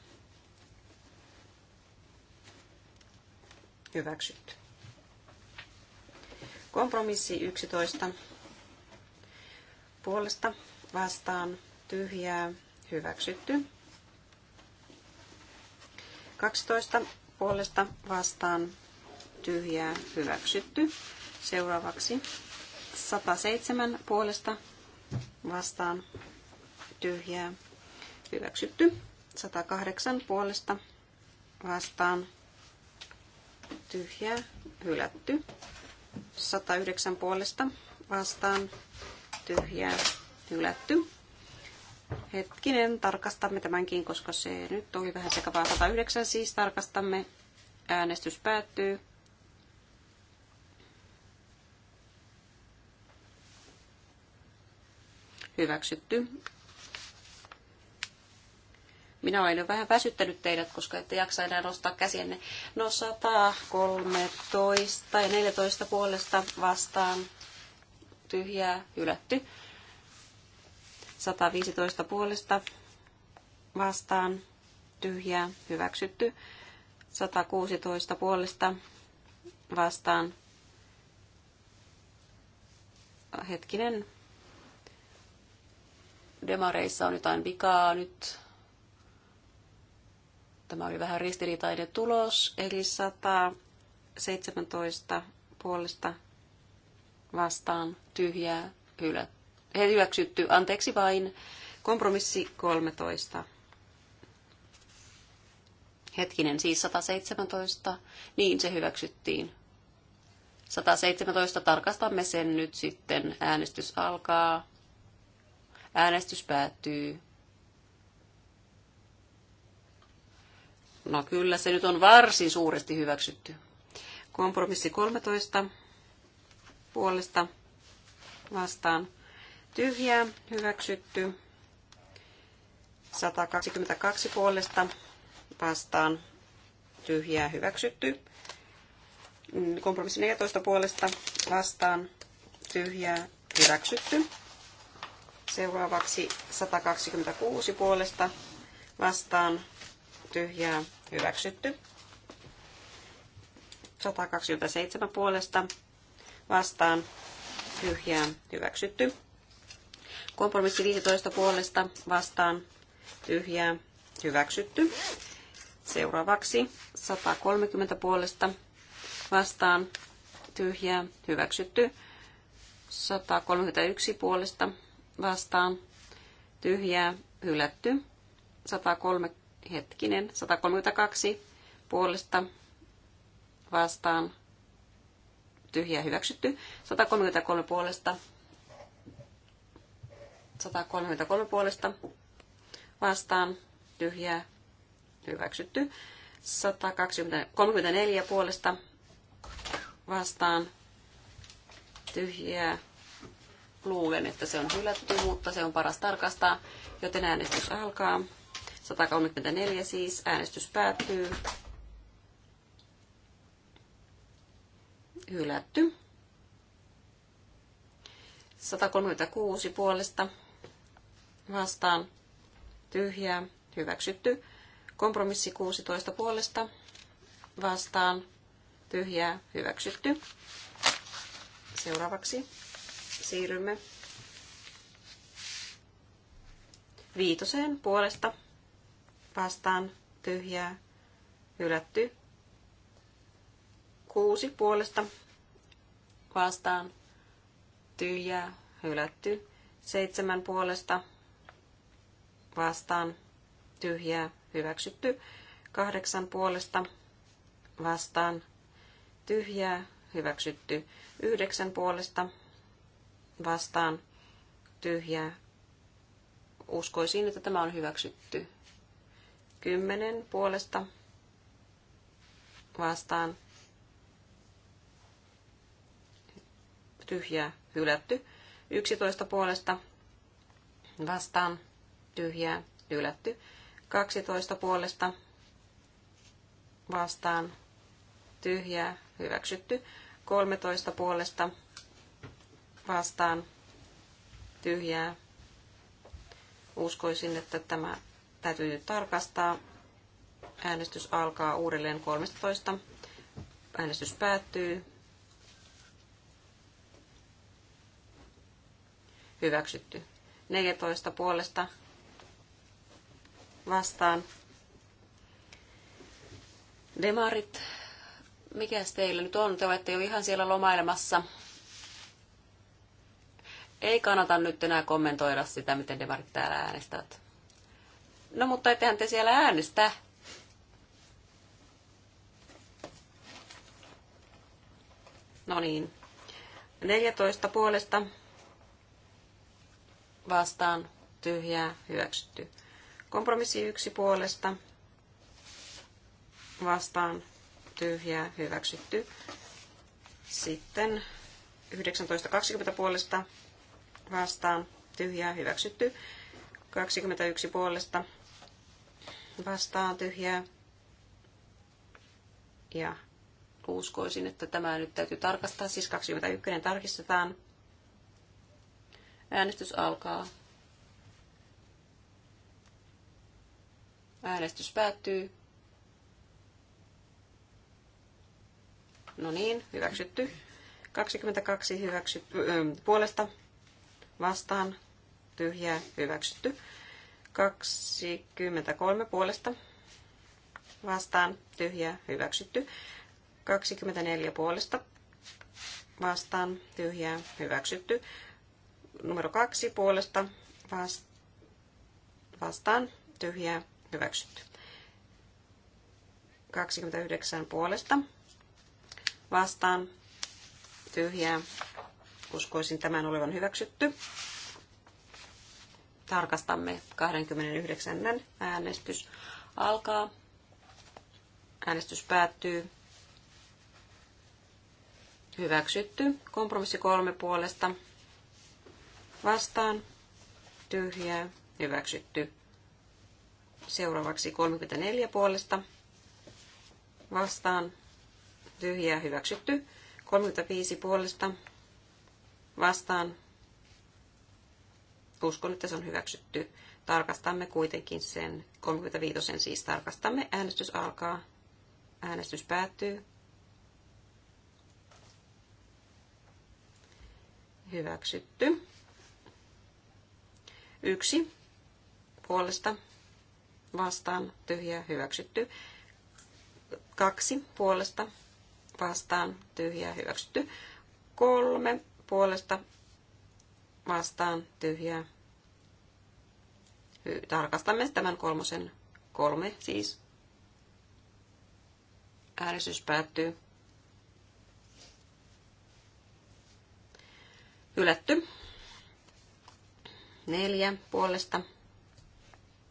Hyväksytty. Kompromissi 11. Puolesta vastaan tyhjää. Hyväksytty. 12. Puolesta vastaan tyhjää. Hyväksytty. Seuraavaksi 107 puolesta vastaan tyhjää hyväksytty. 108 puolesta vastaan tyhjää, hylätty. 109 puolesta vastaan, tyhjää, hylätty. Hetkinen, tarkastamme tämänkin, koska se nyt oli vähän sekavaa. 109 siis tarkastamme. Äänestys päättyy. Hyväksytty. Minä olen jo vähän väsyttänyt teidät, koska ette jaksa enää nostaa käsienne. No 113 ja 14 puolesta vastaan tyhjää hylätty. 115 puolesta vastaan tyhjää hyväksytty. 116 puolesta vastaan hetkinen. Demareissa on jotain vikaa nyt. Tämä oli vähän ristiriitainen tulos, eli 117 puolesta vastaan tyhjää hylä. He hyväksytty, anteeksi vain, kompromissi 13. Hetkinen, siis 117, niin se hyväksyttiin. 117 tarkastamme sen nyt sitten. Äänestys alkaa. Äänestys päättyy. No kyllä, se nyt on varsin suuresti hyväksytty. Kompromissi 13 puolesta vastaan tyhjää hyväksytty. 122 puolesta vastaan tyhjää hyväksytty. Kompromissi 14 puolesta vastaan tyhjää hyväksytty. Seuraavaksi 126 puolesta vastaan tyhjää hyväksytty. 127 puolesta vastaan tyhjää hyväksytty. Kompromissi 15 puolesta vastaan tyhjää hyväksytty. Seuraavaksi 130 puolesta vastaan tyhjää hyväksytty. 131 puolesta vastaan tyhjää hylätty. 130 hetkinen, 132 puolesta vastaan, tyhjä hyväksytty, 133 puolesta, 133 puolesta vastaan, tyhjä hyväksytty, 134 puolesta vastaan, tyhjää Luulen, että se on hylätty, mutta se on paras tarkastaa, joten äänestys alkaa. 134 siis. Äänestys päättyy. Hylätty. 136 puolesta vastaan tyhjää, hyväksytty. Kompromissi 16 puolesta vastaan tyhjää, hyväksytty. Seuraavaksi siirrymme viitoseen puolesta vastaan tyhjää hylätty. Kuusi puolesta vastaan tyhjää hylätty. Seitsemän puolesta vastaan tyhjää hyväksytty. Kahdeksan puolesta vastaan tyhjää hyväksytty. Yhdeksän puolesta vastaan tyhjää. Uskoisin, että tämä on hyväksytty. 10 puolesta vastaan tyhjää hylätty. 11 puolesta vastaan tyhjää hylätty. 12 puolesta vastaan tyhjää hyväksytty. 13 puolesta vastaan tyhjää. Uskoisin, että tämä täytyy nyt tarkastaa. Äänestys alkaa uudelleen 13. Äänestys päättyy. Hyväksytty. 14 puolesta vastaan. Demarit, mikä teillä nyt on? Te olette jo ihan siellä lomailemassa. Ei kannata nyt enää kommentoida sitä, miten demarit täällä äänestävät. No mutta ettehän te siellä äänestä. No niin. 14 puolesta vastaan tyhjää hyväksytty. Kompromissi yksi puolesta vastaan tyhjää hyväksytty. Sitten 19.20 puolesta vastaan tyhjää hyväksytty. 21 puolesta vastaan tyhjää. Ja uskoisin, että tämä nyt täytyy tarkastaa. Siis 21 tarkistetaan. Äänestys alkaa. Äänestys päättyy. No niin, hyväksytty. 22 hyväksy, puolesta vastaan tyhjää hyväksytty. 23 puolesta vastaan tyhjä hyväksytty. 24 puolesta vastaan tyhjä hyväksytty. Numero 2 puolesta vastaan tyhjä hyväksytty. 29 puolesta vastaan tyhjä Uskoisin tämän olevan hyväksytty tarkastamme 29. äänestys alkaa. Äänestys päättyy. Hyväksytty. Kompromissi kolme puolesta. Vastaan. Tyhjää. Hyväksytty. Seuraavaksi 34 puolesta. Vastaan. Tyhjää. Hyväksytty. 35 puolesta. Vastaan. Uskon, että se on hyväksytty. Tarkastamme kuitenkin sen 35 sen siis tarkastamme. Äänestys alkaa. Äänestys päättyy. Hyväksytty. Yksi. Puolesta. Vastaan. Tyhjä. Hyväksytty. Kaksi. Puolesta. Vastaan. Tyhjä. Hyväksytty. Kolme. Puolesta vastaan tyhjää. Tarkastamme tämän kolmosen. Kolme siis. Äärisyys päättyy. Hylätty. Neljä puolesta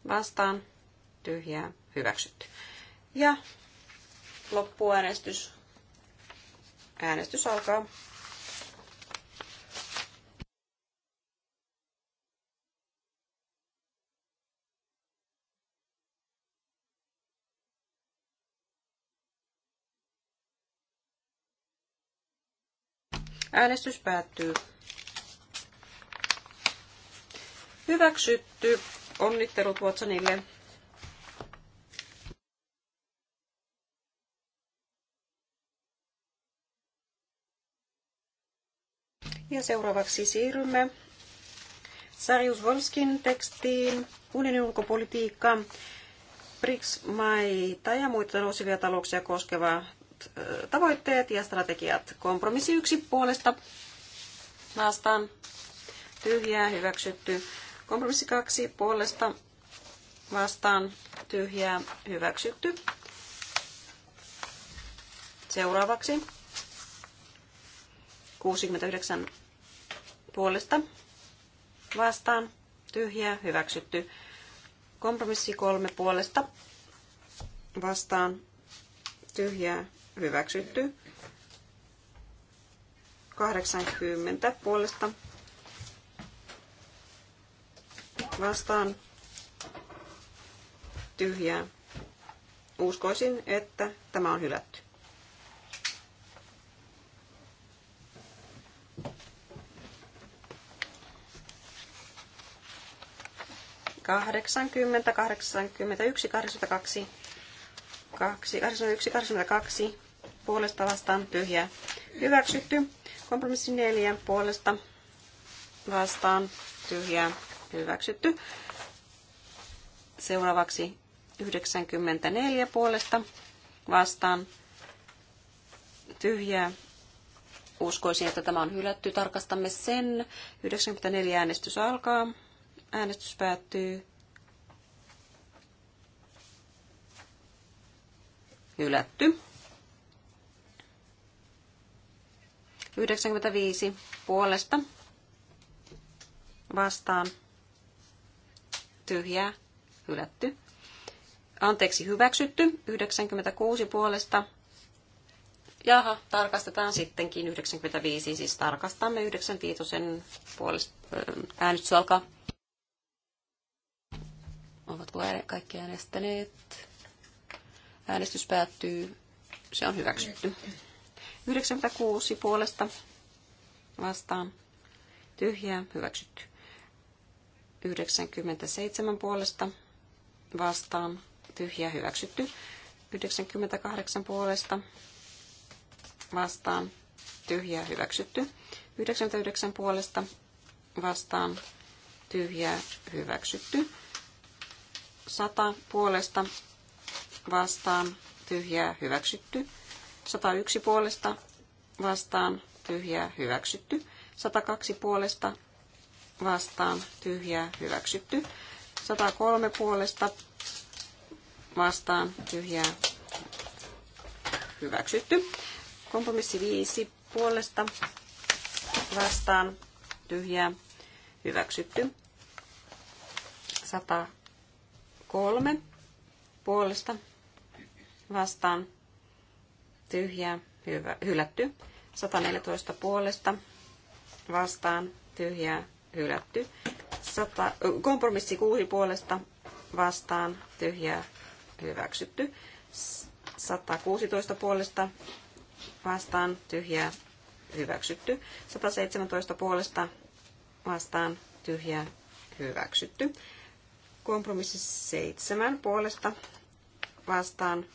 vastaan tyhjää hyväksytty. Ja loppuäänestys. Äänestys alkaa. Äänestys päättyy. Hyväksytty. Onnittelut Watsonille. Ja seuraavaksi siirrymme Sarjus Volskin tekstiin Unionin ulkopolitiikka, BRICS-maita ja muita nousivia talouksia koskeva tavoitteet ja strategiat. Kompromissi yksi puolesta vastaan tyhjää hyväksytty. Kompromissi kaksi puolesta vastaan tyhjää hyväksytty. Seuraavaksi 69 puolesta vastaan tyhjää hyväksytty. Kompromissi kolme puolesta vastaan tyhjää hyväksytty. 80 puolesta vastaan tyhjää. Uskoisin, että tämä on hylätty. Kahdeksankymmentä, kahdeksankymmentä yksi, kahdeksankymmentä kaksi, 82, 81, 82 puolesta vastaan tyhjää. Hyväksytty. Kompromissi 4 puolesta vastaan tyhjää. Hyväksytty. Seuraavaksi 94 puolesta vastaan tyhjää. Uskoisin, että tämä on hylätty. Tarkastamme sen. 94 äänestys alkaa. Äänestys päättyy. hylätty. 95 puolesta vastaan tyhjää hylätty. Anteeksi, hyväksytty 96 puolesta. Jaha, tarkastetaan sittenkin 95, siis tarkastamme 95 puolesta. Äänestys alkaa. Ovatko kaikki äänestäneet? Äänestys päättyy. Se on hyväksytty. 96 puolesta vastaan. Tyhjää. Hyväksytty. 97 puolesta vastaan. Tyhjää. Hyväksytty. 98 puolesta vastaan. Tyhjää. Hyväksytty. 99 puolesta vastaan. Tyhjää. Hyväksytty. 100 puolesta vastaan tyhjää hyväksytty. 101 puolesta vastaan tyhjää hyväksytty. 102 puolesta vastaan tyhjää hyväksytty. 103 puolesta vastaan tyhjää hyväksytty. Kompromissi 5 puolesta vastaan tyhjää hyväksytty. 103 puolesta vastaan tyhjä hyvä, hylätty. 114 puolesta vastaan tyhjä hylätty. 100, kompromissi 6 puolesta vastaan tyhjä hyväksytty. 116 puolesta vastaan tyhjä hyväksytty. 117 puolesta vastaan tyhjä hyväksytty. Kompromissi 7 puolesta vastaan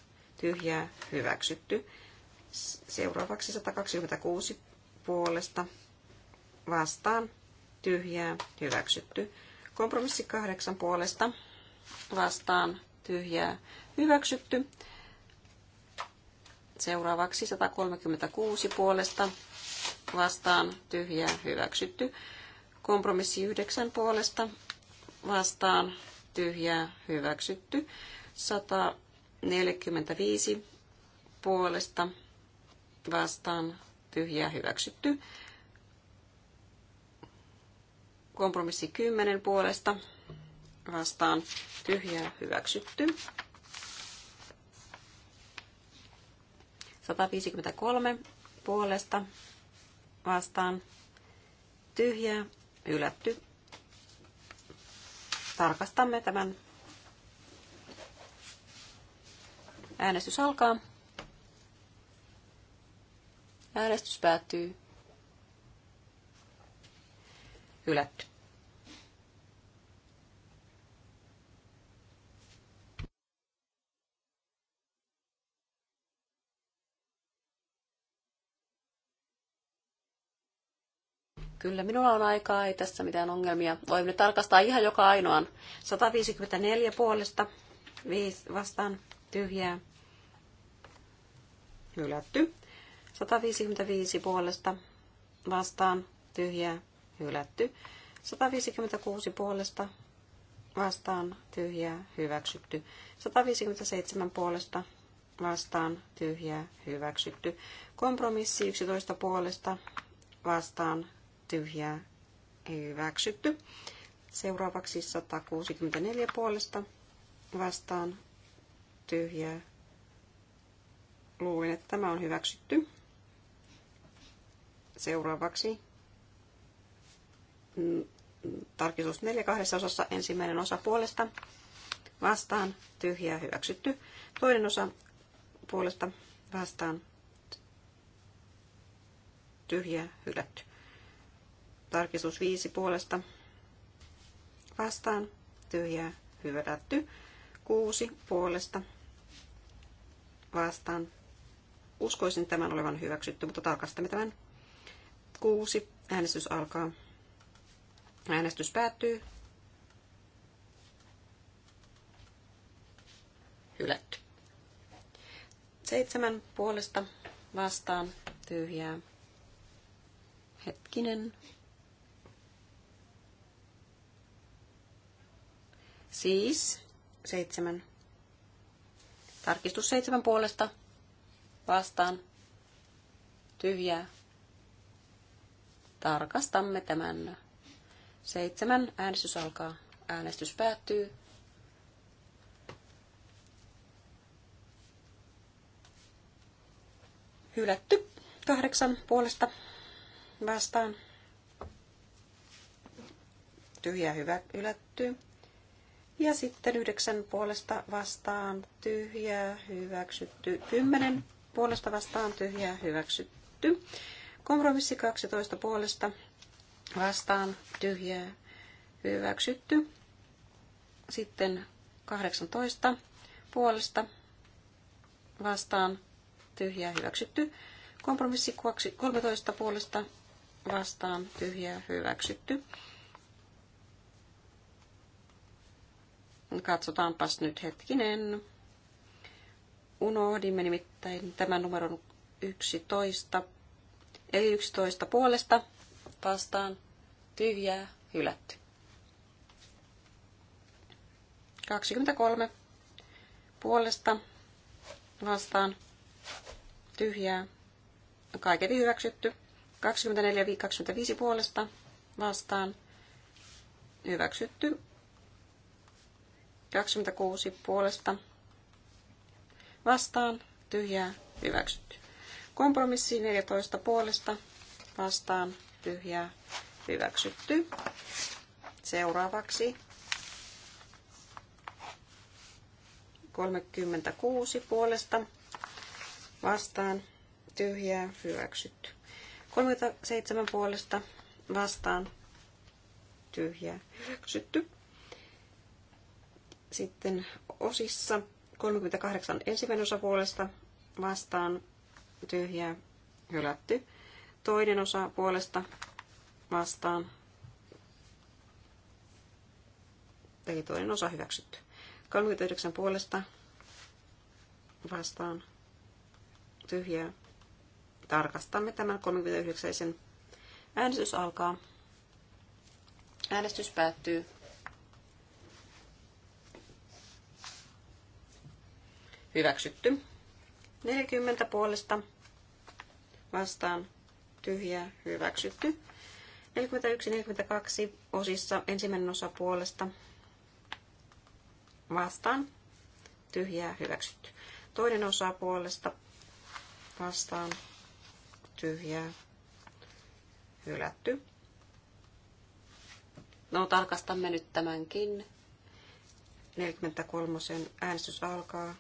tyhjää hyväksytty. Seuraavaksi 126 puolesta vastaan tyhjää hyväksytty. Kompromissi 8 puolesta vastaan tyhjää hyväksytty. Seuraavaksi 136 puolesta vastaan tyhjää hyväksytty. Kompromissi 9 puolesta vastaan tyhjää hyväksytty. 100 45 puolesta vastaan tyhjää hyväksytty. Kompromissi 10 puolesta vastaan tyhjää hyväksytty. 153 puolesta vastaan tyhjää hylätty. Tarkastamme tämän Äänestys alkaa. Äänestys päättyy. Hylätty. Kyllä minulla on aikaa, ei tässä mitään ongelmia. Voimme tarkastaa ihan joka ainoan. 154 puolesta 5 vastaan tyhjää, hylätty. 155 puolesta vastaan, tyhjää, hylätty. 156 puolesta vastaan, tyhjää, hyväksytty. 157 puolesta vastaan, tyhjää, hyväksytty. Kompromissi 11 puolesta vastaan, tyhjää, hyväksytty. Seuraavaksi 164 puolesta vastaan, tyhjää. Luulin, että tämä on hyväksytty. Seuraavaksi tarkistus neljä kahdessa osassa ensimmäinen osa puolesta vastaan tyhjää hyväksytty. Toinen osa puolesta vastaan tyhjää hylätty. Tarkistus viisi puolesta vastaan tyhjää hylätty. Kuusi puolesta vastaan. Uskoisin tämän olevan hyväksytty, mutta tarkastamme tämän. Kuusi. Äänestys alkaa. Äänestys päättyy. Hylätty. Seitsemän puolesta vastaan tyhjää. Hetkinen. Siis seitsemän Tarkistus seitsemän puolesta vastaan tyhjää. Tarkastamme tämän. Seitsemän. Äänestys alkaa. Äänestys päättyy. Hylätty. Kahdeksan puolesta vastaan. Tyhjää hyvä, hylätty. Ja sitten yhdeksän puolesta vastaan tyhjää hyväksytty. Kymmenen puolesta vastaan tyhjää hyväksytty. Kompromissi 12 puolesta vastaan tyhjää hyväksytty. Sitten 18 puolesta vastaan tyhjää hyväksytty. Kompromissi 13 puolesta vastaan tyhjää hyväksytty. Katsotaanpas nyt hetkinen. Unohdimme nimittäin tämän numeron 11. Eli 11 puolesta vastaan tyhjää hylätty. 23 puolesta vastaan tyhjää kaiketi hyväksytty. 24-25 puolesta vastaan hyväksytty 26 puolesta vastaan tyhjää hyväksytty. Kompromissi 14 puolesta vastaan tyhjää hyväksytty. Seuraavaksi 36 puolesta vastaan tyhjää hyväksytty. 37 puolesta vastaan tyhjää hyväksytty. Sitten osissa 38 ensimmäinen osa puolesta vastaan tyhjää hylätty. Toinen osa puolesta vastaan eli toinen osa hyväksytty. 39 puolesta vastaan tyhjää. Tarkastamme tämän 39. Äänestys alkaa. Äänestys päättyy. Hyväksytty. 40 puolesta vastaan tyhjää hyväksytty. 41-42 osissa ensimmäinen osa puolesta vastaan tyhjää hyväksytty. Toinen osa puolesta vastaan tyhjää hylätty. No tarkastamme nyt tämänkin. 43. äänestys alkaa.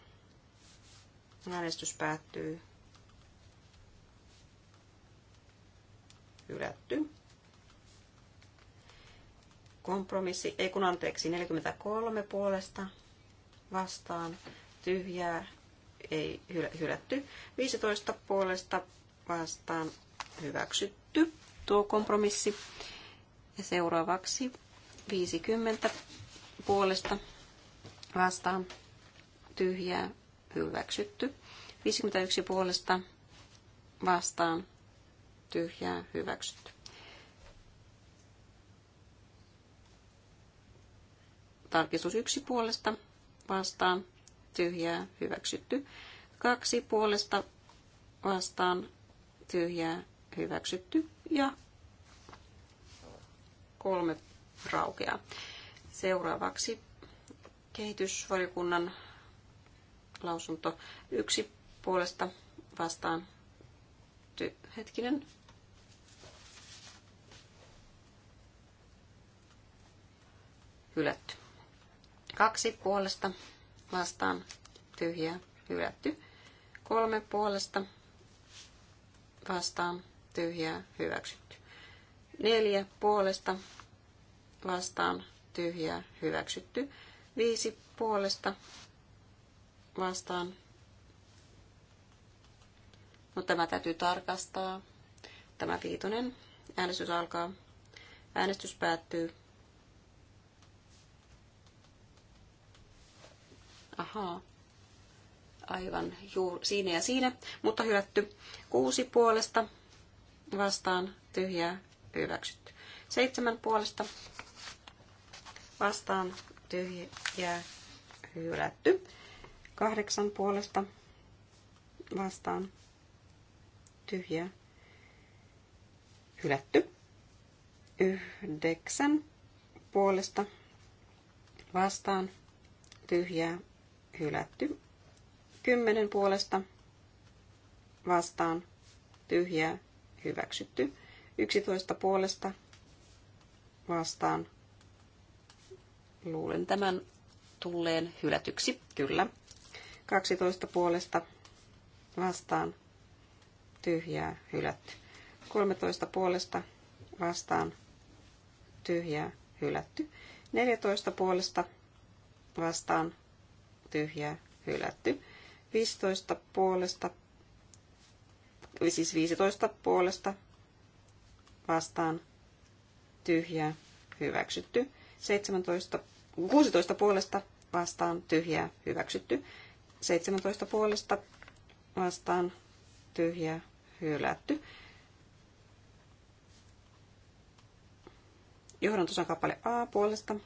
Äänestys päättyy. Hylätty. Kompromissi, ei kun anteeksi, 43 puolesta vastaan tyhjää, ei hylätty. 15 puolesta vastaan hyväksytty tuo kompromissi. Ja seuraavaksi 50 puolesta vastaan tyhjää hyväksytty. 51 puolesta vastaan tyhjää hyväksytty. Tarkistus yksi puolesta vastaan tyhjää hyväksytty. Kaksi puolesta vastaan tyhjää hyväksytty ja kolme raukeaa. Seuraavaksi kehitysvaliokunnan lausunto yksi puolesta vastaan. Ty- hetkinen. Hylätty. Kaksi puolesta vastaan tyhjää hylätty. Kolme puolesta vastaan tyhjää hyväksytty. Neljä puolesta vastaan tyhjää hyväksytty. Viisi puolesta vastaan. Mutta no, tämä täytyy tarkastaa. Tämä viitonen. Äänestys alkaa. Äänestys päättyy. Ahaa. Aivan juu, siinä ja siinä, mutta hylätty. Kuusi puolesta vastaan tyhjää hyväksytty. Seitsemän puolesta vastaan tyhjää hylätty. Kahdeksan puolesta vastaan tyhjää hylätty. Yhdeksän puolesta vastaan tyhjää hylätty. Kymmenen puolesta vastaan tyhjää hyväksytty. Yksitoista puolesta vastaan luulen tämän tulleen hylätyksi, kyllä. 12 puolesta vastaan tyhjää hylätty. 13 puolesta vastaan tyhjää hylätty. 14 puolesta vastaan tyhjää hylätty. 15 puolesta, siis 15 puolesta vastaan tyhjää hyväksytty. 17, 16 puolesta vastaan tyhjää hyväksytty. 17 puolesta vastaan tyhjä hylätty. Johdantosan kappale A puolesta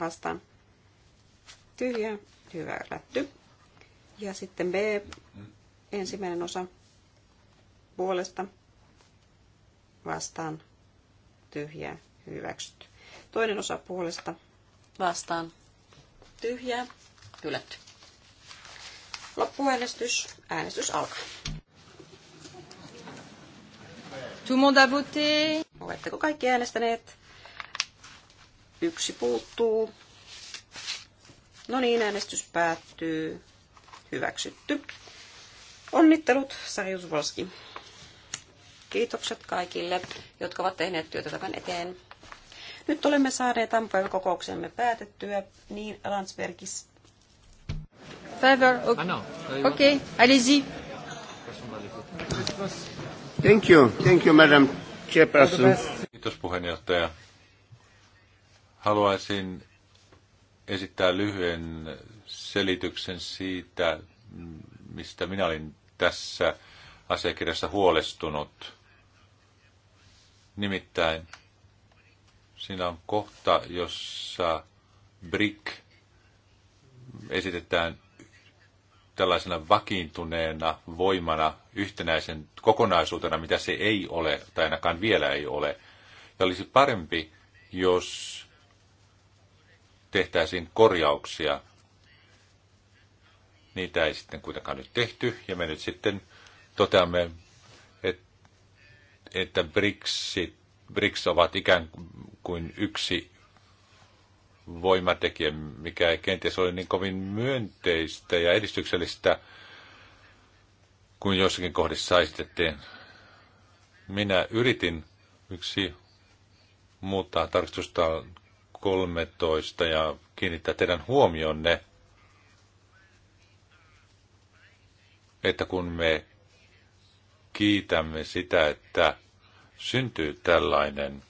vastaan tyhjä hylätty. Ja sitten B ensimmäinen osa puolesta vastaan tyhjä hyväksytty. Toinen osa puolesta vastaan tyhjä hylätty. Loppuäänestys. Äänestys alkaa. Tout monde a voté. Oletteko kaikki äänestäneet? Yksi puuttuu. No niin, äänestys päättyy. Hyväksytty. Onnittelut, Sari Usvalski. Kiitokset kaikille, jotka ovat tehneet työtä tämän eteen. Nyt olemme saaneet aamupäivän kokouksemme päätettyä niin Landsbergis favor? Okay, ah, okay. allez-y. Thank you. Thank you, Madam Chairperson. Kiitos puheenjohtaja. Haluaisin esittää lyhyen selityksen siitä, mistä minä olin tässä asiakirjassa huolestunut. Nimittäin siinä on kohta, jossa BRIC esitetään tällaisena vakiintuneena voimana, yhtenäisen kokonaisuutena, mitä se ei ole, tai ainakaan vielä ei ole. Ja olisi parempi, jos tehtäisiin korjauksia. Niitä ei sitten kuitenkaan nyt tehty, ja me nyt sitten toteamme, että BRICS, BRICS ovat ikään kuin yksi voimatekijä, mikä ei kenties ole niin kovin myönteistä ja edistyksellistä kuin jossakin kohdissa saistettiin. Minä yritin yksi muuttaa tarkistusta 13 ja kiinnittää teidän huomionne, että kun me kiitämme sitä, että syntyy tällainen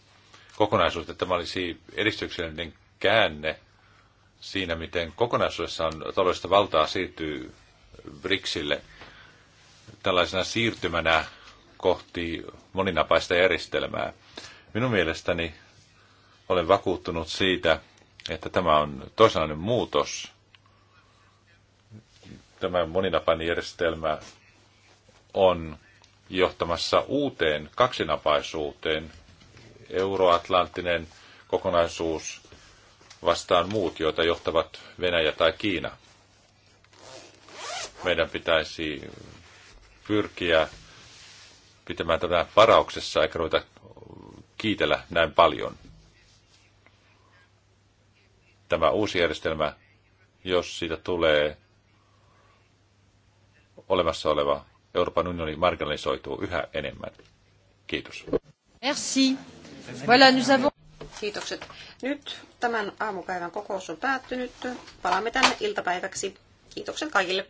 kokonaisuus, että tämä olisi edistyksellinen niin käänne siinä, miten kokonaisuudessaan taloudellista valtaa siirtyy BRICSille tällaisena siirtymänä kohti moninapaista järjestelmää. Minun mielestäni olen vakuuttunut siitä, että tämä on toisenlainen muutos. Tämä moninapainen järjestelmä on johtamassa uuteen kaksinapaisuuteen. Euroatlanttinen kokonaisuus vastaan muut, joita johtavat Venäjä tai Kiina. Meidän pitäisi pyrkiä pitämään tätä varauksessa eikä ruveta kiitellä näin paljon. Tämä uusi järjestelmä, jos siitä tulee olemassa oleva Euroopan unioni marginalisoituu yhä enemmän. Kiitos. Merci. Voilà, nous avons... Kiitokset. Nyt tämän aamupäivän kokous on päättynyt. Palaamme tänne iltapäiväksi. Kiitokset kaikille.